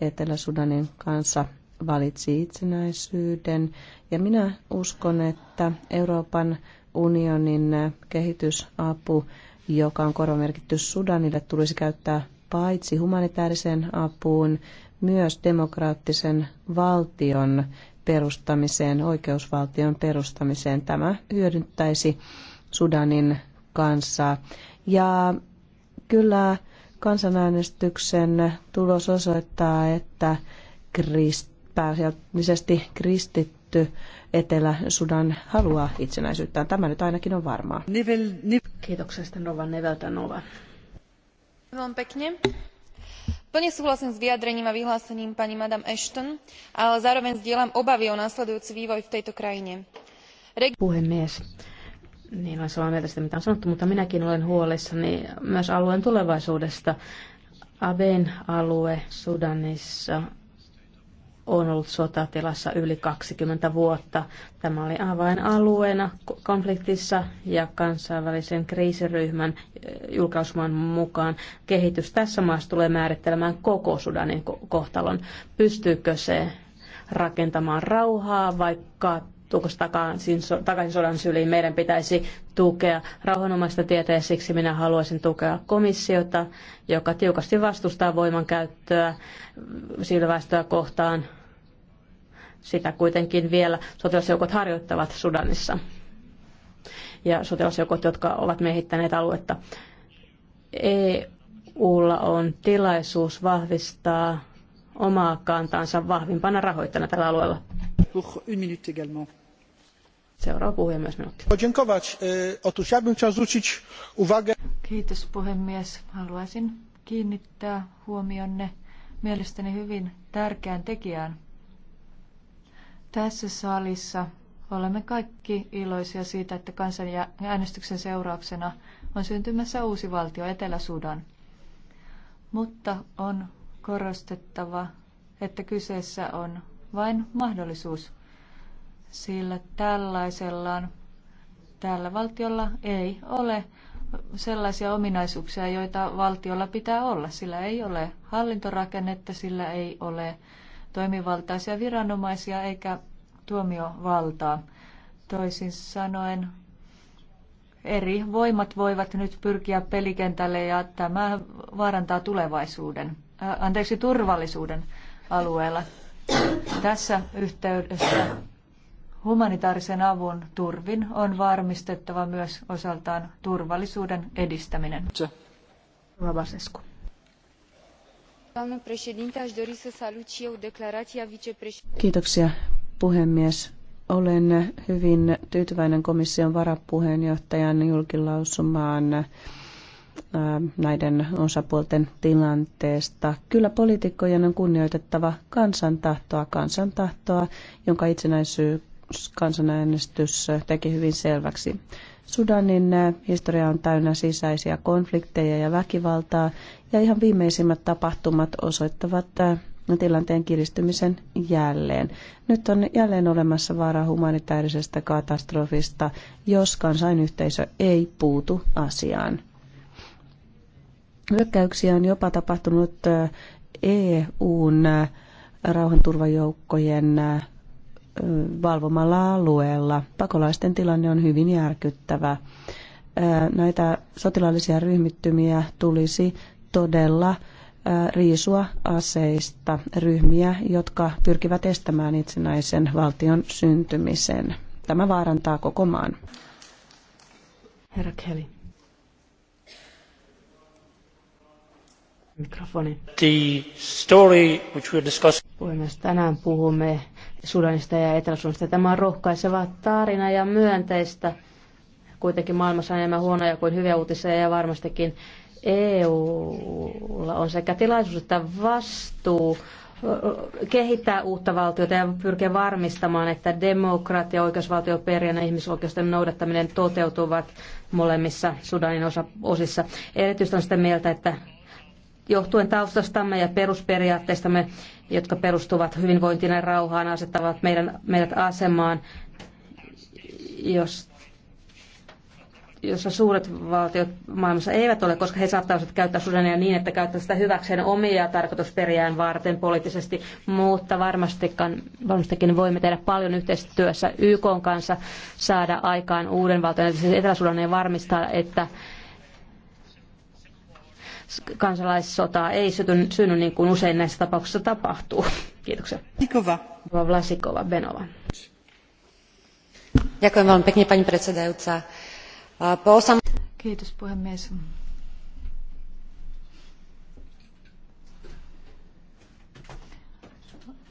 Etelä-Sudanin kansa valitsi itsenäisyyden ja minä uskon, että Euroopan unionin kehitysapu joka on korvamerkitty Sudanille, tulisi käyttää paitsi humanitaariseen apuun, myös demokraattisen valtion perustamiseen, oikeusvaltion perustamiseen. Tämä hyödyttäisi Sudanin kansaa. Ja kyllä kansanäänestyksen tulos osoittaa, että krist, pääasiallisesti kristitty Etelä-Sudan haluaa itsenäisyyttään. Tämä nyt ainakin on varmaa. Nivel, ni... Kiitoksia Nova Neveltä Nova. Plne súhlasím s vyjadrením a vyhlásením pani Madame Ashton, ale zároveň sdielam obavy o následujúci vývoj v tejto krajine. Reg- Puhemies, niin olen samaa mieltä sitä, mitä on sanottu, mutta minäkin olen huolissani myös alueen tulevaisuudesta. Aben alue Sudanissa on ollut sotatilassa yli 20 vuotta. Tämä oli avainalueena konfliktissa ja kansainvälisen kriisiryhmän eh, julkaisuman mukaan kehitys tässä maassa tulee määrittelemään koko Sudanin kohtalon. Pystyykö se rakentamaan rauhaa vai tuko takaisin, takaisin sodan syliin. Meidän pitäisi tukea rauhanomaista tietä ja siksi minä haluaisin tukea komissiota, joka tiukasti vastustaa voimankäyttöä silvästöä kohtaan. Sitä kuitenkin vielä sotilasjoukot harjoittavat Sudanissa ja sotilasjoukot, jotka ovat miehittäneet aluetta. EUlla on tilaisuus vahvistaa omaa kantaansa vahvimpana rahoittajana tällä alueella. Pour une minute également. Seuraava puhuja myös minuutti. Kiitos puhemies. Haluaisin kiinnittää huomionne mielestäni hyvin tärkeään tekijään. Tässä salissa olemme kaikki iloisia siitä, että kansanäänestyksen seurauksena on syntymässä uusi valtio Etelä-Sudan. Mutta on korostettava, että kyseessä on vain mahdollisuus – sillä tällaisellaan tällä valtiolla ei ole sellaisia ominaisuuksia, joita valtiolla pitää olla. Sillä ei ole hallintorakennetta, sillä ei ole toimivaltaisia viranomaisia eikä tuomiovaltaa. Toisin sanoen eri voimat voivat nyt pyrkiä pelikentälle ja tämä vaarantaa tulevaisuuden, äh, anteeksi turvallisuuden alueella. Tässä yhteydessä Humanitaarisen avun turvin on varmistettava myös osaltaan turvallisuuden edistäminen. Kiitoksia, puhemies. Olen hyvin tyytyväinen komission varapuheenjohtajan julkilausumaan äh, näiden osapuolten tilanteesta. Kyllä poliitikkojen on kunnioitettava kansan tahtoa, jonka itsenäisyys kansanäänestys teki hyvin selväksi. Sudanin historia on täynnä sisäisiä konflikteja ja väkivaltaa, ja ihan viimeisimmät tapahtumat osoittavat äh, tilanteen kiristymisen jälleen. Nyt on jälleen olemassa vaara humanitaarisesta katastrofista, jos kansainyhteisö ei puutu asiaan. Hyökkäyksiä on jopa tapahtunut äh, EUn äh, rauhanturvajoukkojen valvomalla alueella. Pakolaisten tilanne on hyvin järkyttävä. Näitä sotilaallisia ryhmittymiä tulisi todella riisua aseista ryhmiä, jotka pyrkivät estämään itsenäisen valtion syntymisen. Tämä vaarantaa koko maan. Herra Kelly. Mikrofoni. The story which we're discussing. Puhemies, tänään puhumme Sudanista ja Etelä-Sudanista. Tämä on rohkaiseva tarina ja myönteistä. Kuitenkin maailmassa on enemmän huonoja kuin hyviä uutisia ja varmastikin EUlla on sekä tilaisuus että vastuu kehittää uutta valtiota ja pyrkiä varmistamaan, että demokratia, oikeusvaltioperiaate ja ihmisoikeusten noudattaminen toteutuvat molemmissa Sudanin osa, osissa. Erityisesti on sitä mieltä, että johtuen taustastamme ja perusperiaatteistamme, jotka perustuvat hyvinvointiin ja rauhaan, asettavat meidän, meidät asemaan, jos, jossa suuret valtiot maailmassa eivät ole, koska he saattavat käyttää Sudania niin, että käyttävät sitä hyväkseen omia tarkoitusperiään varten poliittisesti, mutta varmastikin, varmastikin voimme tehdä paljon yhteistyössä YK kanssa, saada aikaan uuden valtion, eli siis etelä varmistaa, että kansalaissotaa ei syty, synny niin kuin usein näissä tapauksissa tapahtuu. Kiitoksia. Nikova. Vlasikova, Benova. Ďakujem veľmi pekne, pani predsedajúca. Po osam... Kiitos puhemies.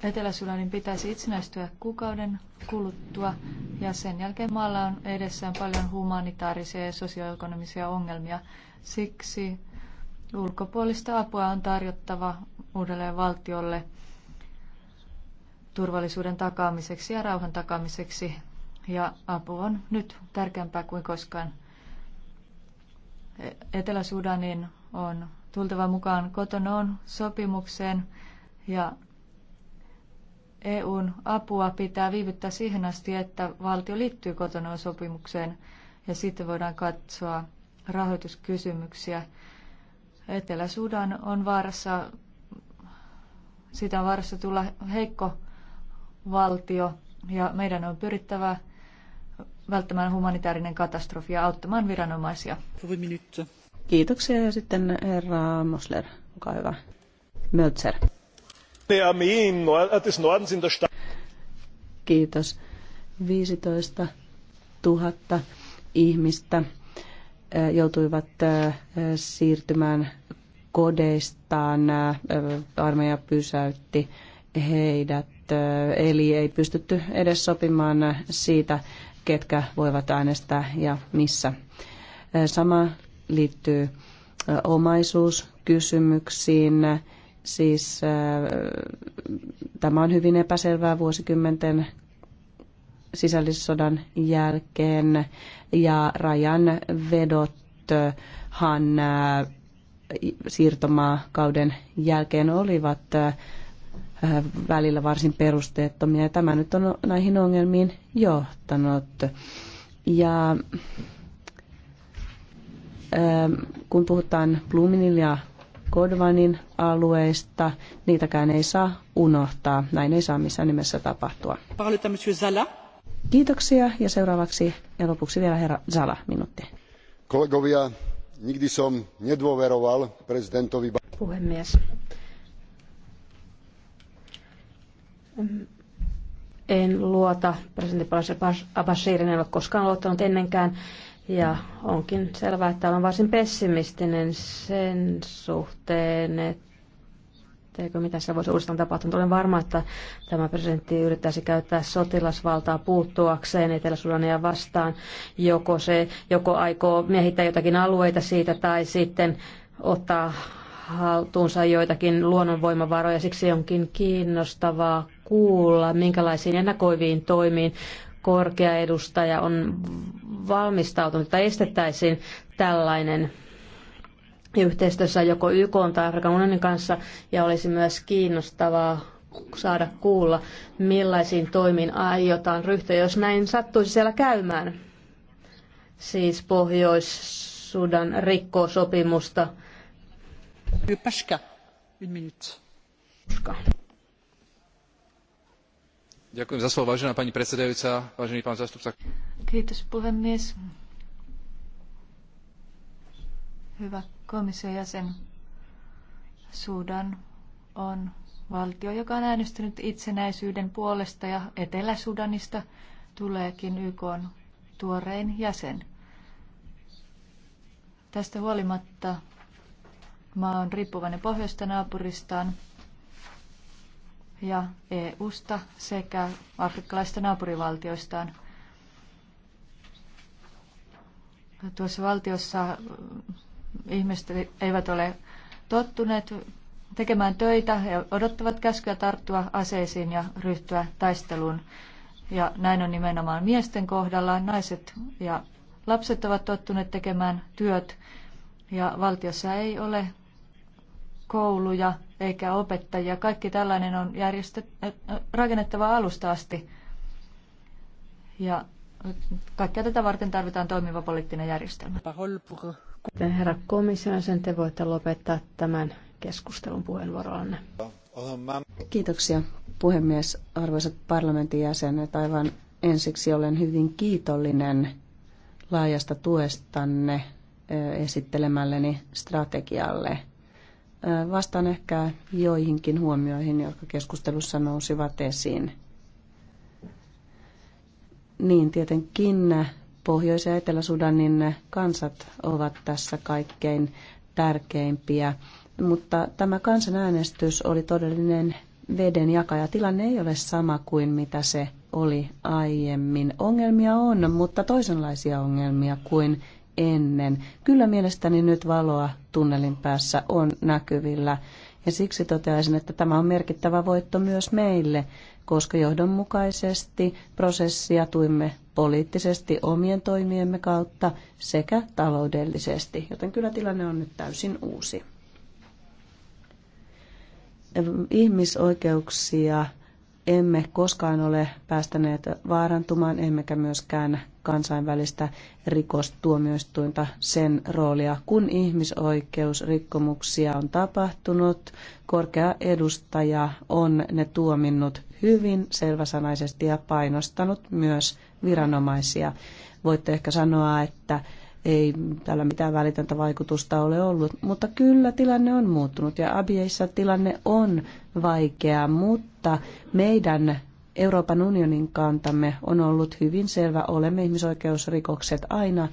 Etelä-Sudanin pitäisi itsenäistyä kuukauden kuluttua ja sen jälkeen maalla on edessään paljon humanitaarisia ja sosioekonomisia ongelmia. Siksi Ulkopuolista apua on tarjottava uudelle valtiolle turvallisuuden takaamiseksi ja rauhan takaamiseksi. Ja apu on nyt tärkeämpää kuin koskaan. Etelä-Sudanin on tultava mukaan kotonoon sopimukseen ja EUn apua pitää viivyttää siihen asti, että valtio liittyy kotonoon sopimukseen ja sitten voidaan katsoa rahoituskysymyksiä. Etelä-Sudan on vaarassa, sitä on vaarassa tulla heikko valtio ja meidän on pyrittävä välttämään humanitaarinen katastrofi ja auttamaan viranomaisia. Kiitoksia ja sitten herra Mosler, olkaa hyvä. Möltser. Er Kiitos. 15 000 ihmistä joutuivat siirtymään kodeistaan, armeija pysäytti heidät, eli ei pystytty edes sopimaan siitä, ketkä voivat äänestää ja missä. Sama liittyy omaisuuskysymyksiin. Siis tämä on hyvin epäselvää vuosikymmenten sisällissodan jälkeen ja rajan vedothan äh, äh, siirtomaakauden jälkeen olivat äh, välillä varsin perusteettomia ja tämä nyt on näihin ongelmiin johtanut. Ja ähm, kun puhutaan Bluminin ja Kodvanin alueista, niitäkään ei saa unohtaa. Näin ei saa missään nimessä tapahtua. Parle Zala. Kiitoksia ja seuraavaksi ja lopuksi vielä herra Zala minuutti. Kollegovia, nikdy som nedôveroval prezidentovi... Puhemies. En luota presidentti Abashirin, en ole koskaan luottanut ennenkään. Ja onkin selvää, että olen varsin pessimistinen sen suhteen, että etteikö mitä se voisi uudestaan tapahtunut. Olen varma, että tämä presidentti yrittäisi käyttää sotilasvaltaa puuttuakseen Etelä-Sudania vastaan. Joko se joko aikoo miehittää jotakin alueita siitä tai sitten ottaa haltuunsa joitakin luonnonvoimavaroja. Siksi onkin kiinnostavaa kuulla, minkälaisiin ennakoiviin toimiin korkea edustaja on valmistautunut, että estettäisiin tällainen yhteistyössä joko YK tai Afrikan unionin kanssa ja olisi myös kiinnostavaa saada kuulla, millaisiin toimiin aiotaan ryhtyä, jos näin sattuisi siellä käymään. Siis Pohjois-Sudan rikkoo sopimusta. pani Kiitos puhemies. Hyvät komission jäsen Sudan on valtio, joka on äänestänyt itsenäisyyden puolesta ja Etelä-Sudanista tuleekin YK tuorein jäsen. Tästä huolimatta maa on riippuvainen pohjoista naapuristaan ja EUsta sekä afrikkalaisista naapurivaltioistaan. Tuossa valtiossa Ihmiset eivät ole tottuneet tekemään töitä ja odottavat käskyä tarttua aseisiin ja ryhtyä taisteluun. Ja näin on nimenomaan miesten kohdalla. Naiset ja lapset ovat tottuneet tekemään työt ja valtiossa ei ole kouluja eikä opettajia. Kaikki tällainen on rakennettava alusta asti. Ja kaikkea tätä varten tarvitaan toimiva poliittinen järjestelmä. Kuten herra komission sen te voitte lopettaa tämän keskustelun puheenvuorollanne. Kiitoksia puhemies, arvoisat parlamentin jäsenet. Aivan ensiksi olen hyvin kiitollinen laajasta tuestanne eh, esittelemälleni strategialle. Eh, vastaan ehkä joihinkin huomioihin, jotka keskustelussa nousivat esiin. Niin, tietenkin Pohjois- ja Etelä-Sudanin kansat ovat tässä kaikkein tärkeimpiä, mutta tämä kansanäänestys oli todellinen veden jakaja. Tilanne ei ole sama kuin mitä se oli aiemmin. Ongelmia on, mutta toisenlaisia ongelmia kuin ennen. Kyllä mielestäni nyt valoa tunnelin päässä on näkyvillä. Ja siksi toteaisin, että tämä on merkittävä voitto myös meille, koska johdonmukaisesti prosessia tuimme poliittisesti omien toimiemme kautta sekä taloudellisesti, joten kyllä tilanne on nyt täysin uusi. Ihmisoikeuksia emme koskaan ole päästäneet vaarantumaan, emmekä myöskään kansainvälistä rikostuomioistuinta, sen roolia, kun ihmisoikeusrikkomuksia on tapahtunut. Korkea edustaja on ne tuominnut hyvin selväsanaisesti ja painostanut myös viranomaisia. Voitte ehkä sanoa, että ei tällä mitään välitöntä vaikutusta ole ollut, mutta kyllä tilanne on muuttunut ja Abieissa tilanne on vaikea, mutta meidän Euroopan unionin kantamme on ollut hyvin selvä. Olemme ihmisoikeusrikokset aina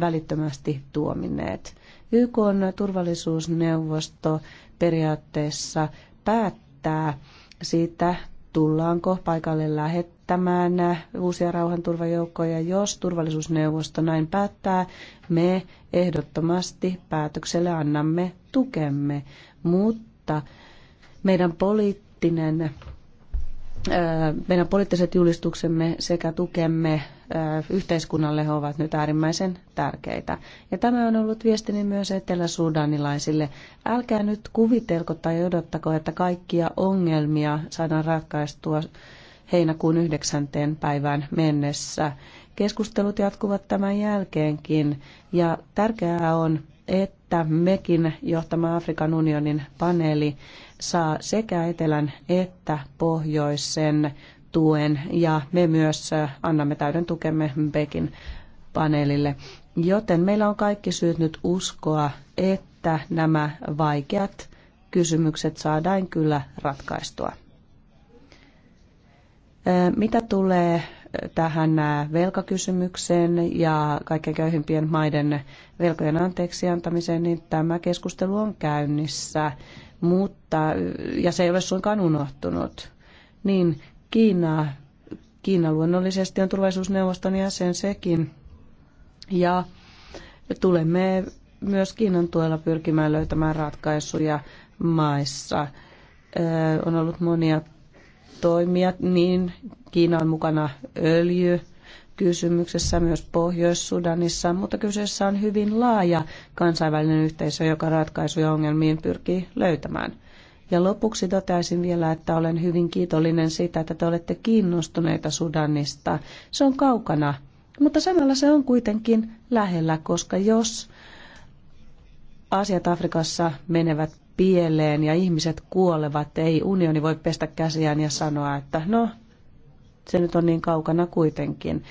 välittömästi tuomineet. YK on turvallisuusneuvosto periaatteessa päättää siitä, tullaanko paikalle lähettämään uusia rauhanturvajoukkoja. Jos turvallisuusneuvosto näin päättää, me ehdottomasti päätökselle annamme tukemme, mutta meidän poliittinen meidän poliittiset julistuksemme sekä tukemme yhteiskunnalle ovat nyt äärimmäisen tärkeitä. Ja tämä on ollut viestini myös eteläsuudanilaisille. Älkää nyt kuvitelko tai odottako, että kaikkia ongelmia saadaan ratkaistua heinäkuun 9. päivään mennessä. Keskustelut jatkuvat tämän jälkeenkin ja tärkeää on, että että mekin johtama Afrikan unionin paneeli saa sekä etelän että pohjoisen tuen ja me myös äh, annamme täyden tukemme Bekin paneelille. Joten meillä on kaikki syyt nyt uskoa, että nämä vaikeat kysymykset saadaan kyllä ratkaistua. Äh, mitä tulee tähän velkakysymykseen ja kaikkein köyhimpien maiden velkojen anteeksi antamiseen, niin tämä keskustelu on käynnissä, mutta, ja se ei ole suinkaan unohtunut. Niin Kiina, Kiina luonnollisesti on turvallisuusneuvoston jäsen sekin, ja tulemme myös Kiinan tuella pyrkimään löytämään ratkaisuja maissa. On ollut monia toimia, niin Kiina on mukana öljy, kysymyksessä myös Pohjois-Sudanissa, mutta kyseessä on hyvin laaja kansainvälinen yhteisö, joka ratkaisuja ongelmiin pyrkii löytämään. Ja lopuksi toteaisin vielä, että olen hyvin kiitollinen siitä, että te olette kiinnostuneita Sudanista. Se on kaukana, mutta samalla se on kuitenkin lähellä, koska jos asiat Afrikassa menevät pieleen ja ihmiset kuolevat, ei unioni voi pestä käsiään ja sanoa, että no, se nyt on niin kaukana kuitenkin.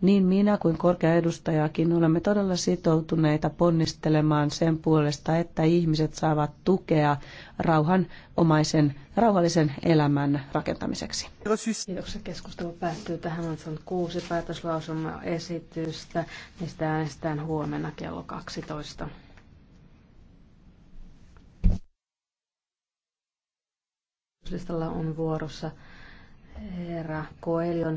Niin minä kuin korkea edustajakin olemme todella sitoutuneita ponnistelemaan sen puolesta, että ihmiset saavat tukea rauhanomaisen, rauhallisen elämän rakentamiseksi. Kiitoksia. Keskustelu päättyy tähän. On ollut kuusi päätöslausumaesitystä, mistä äänestetään huomenna kello 12. Listalla on vuorossa herra Koelion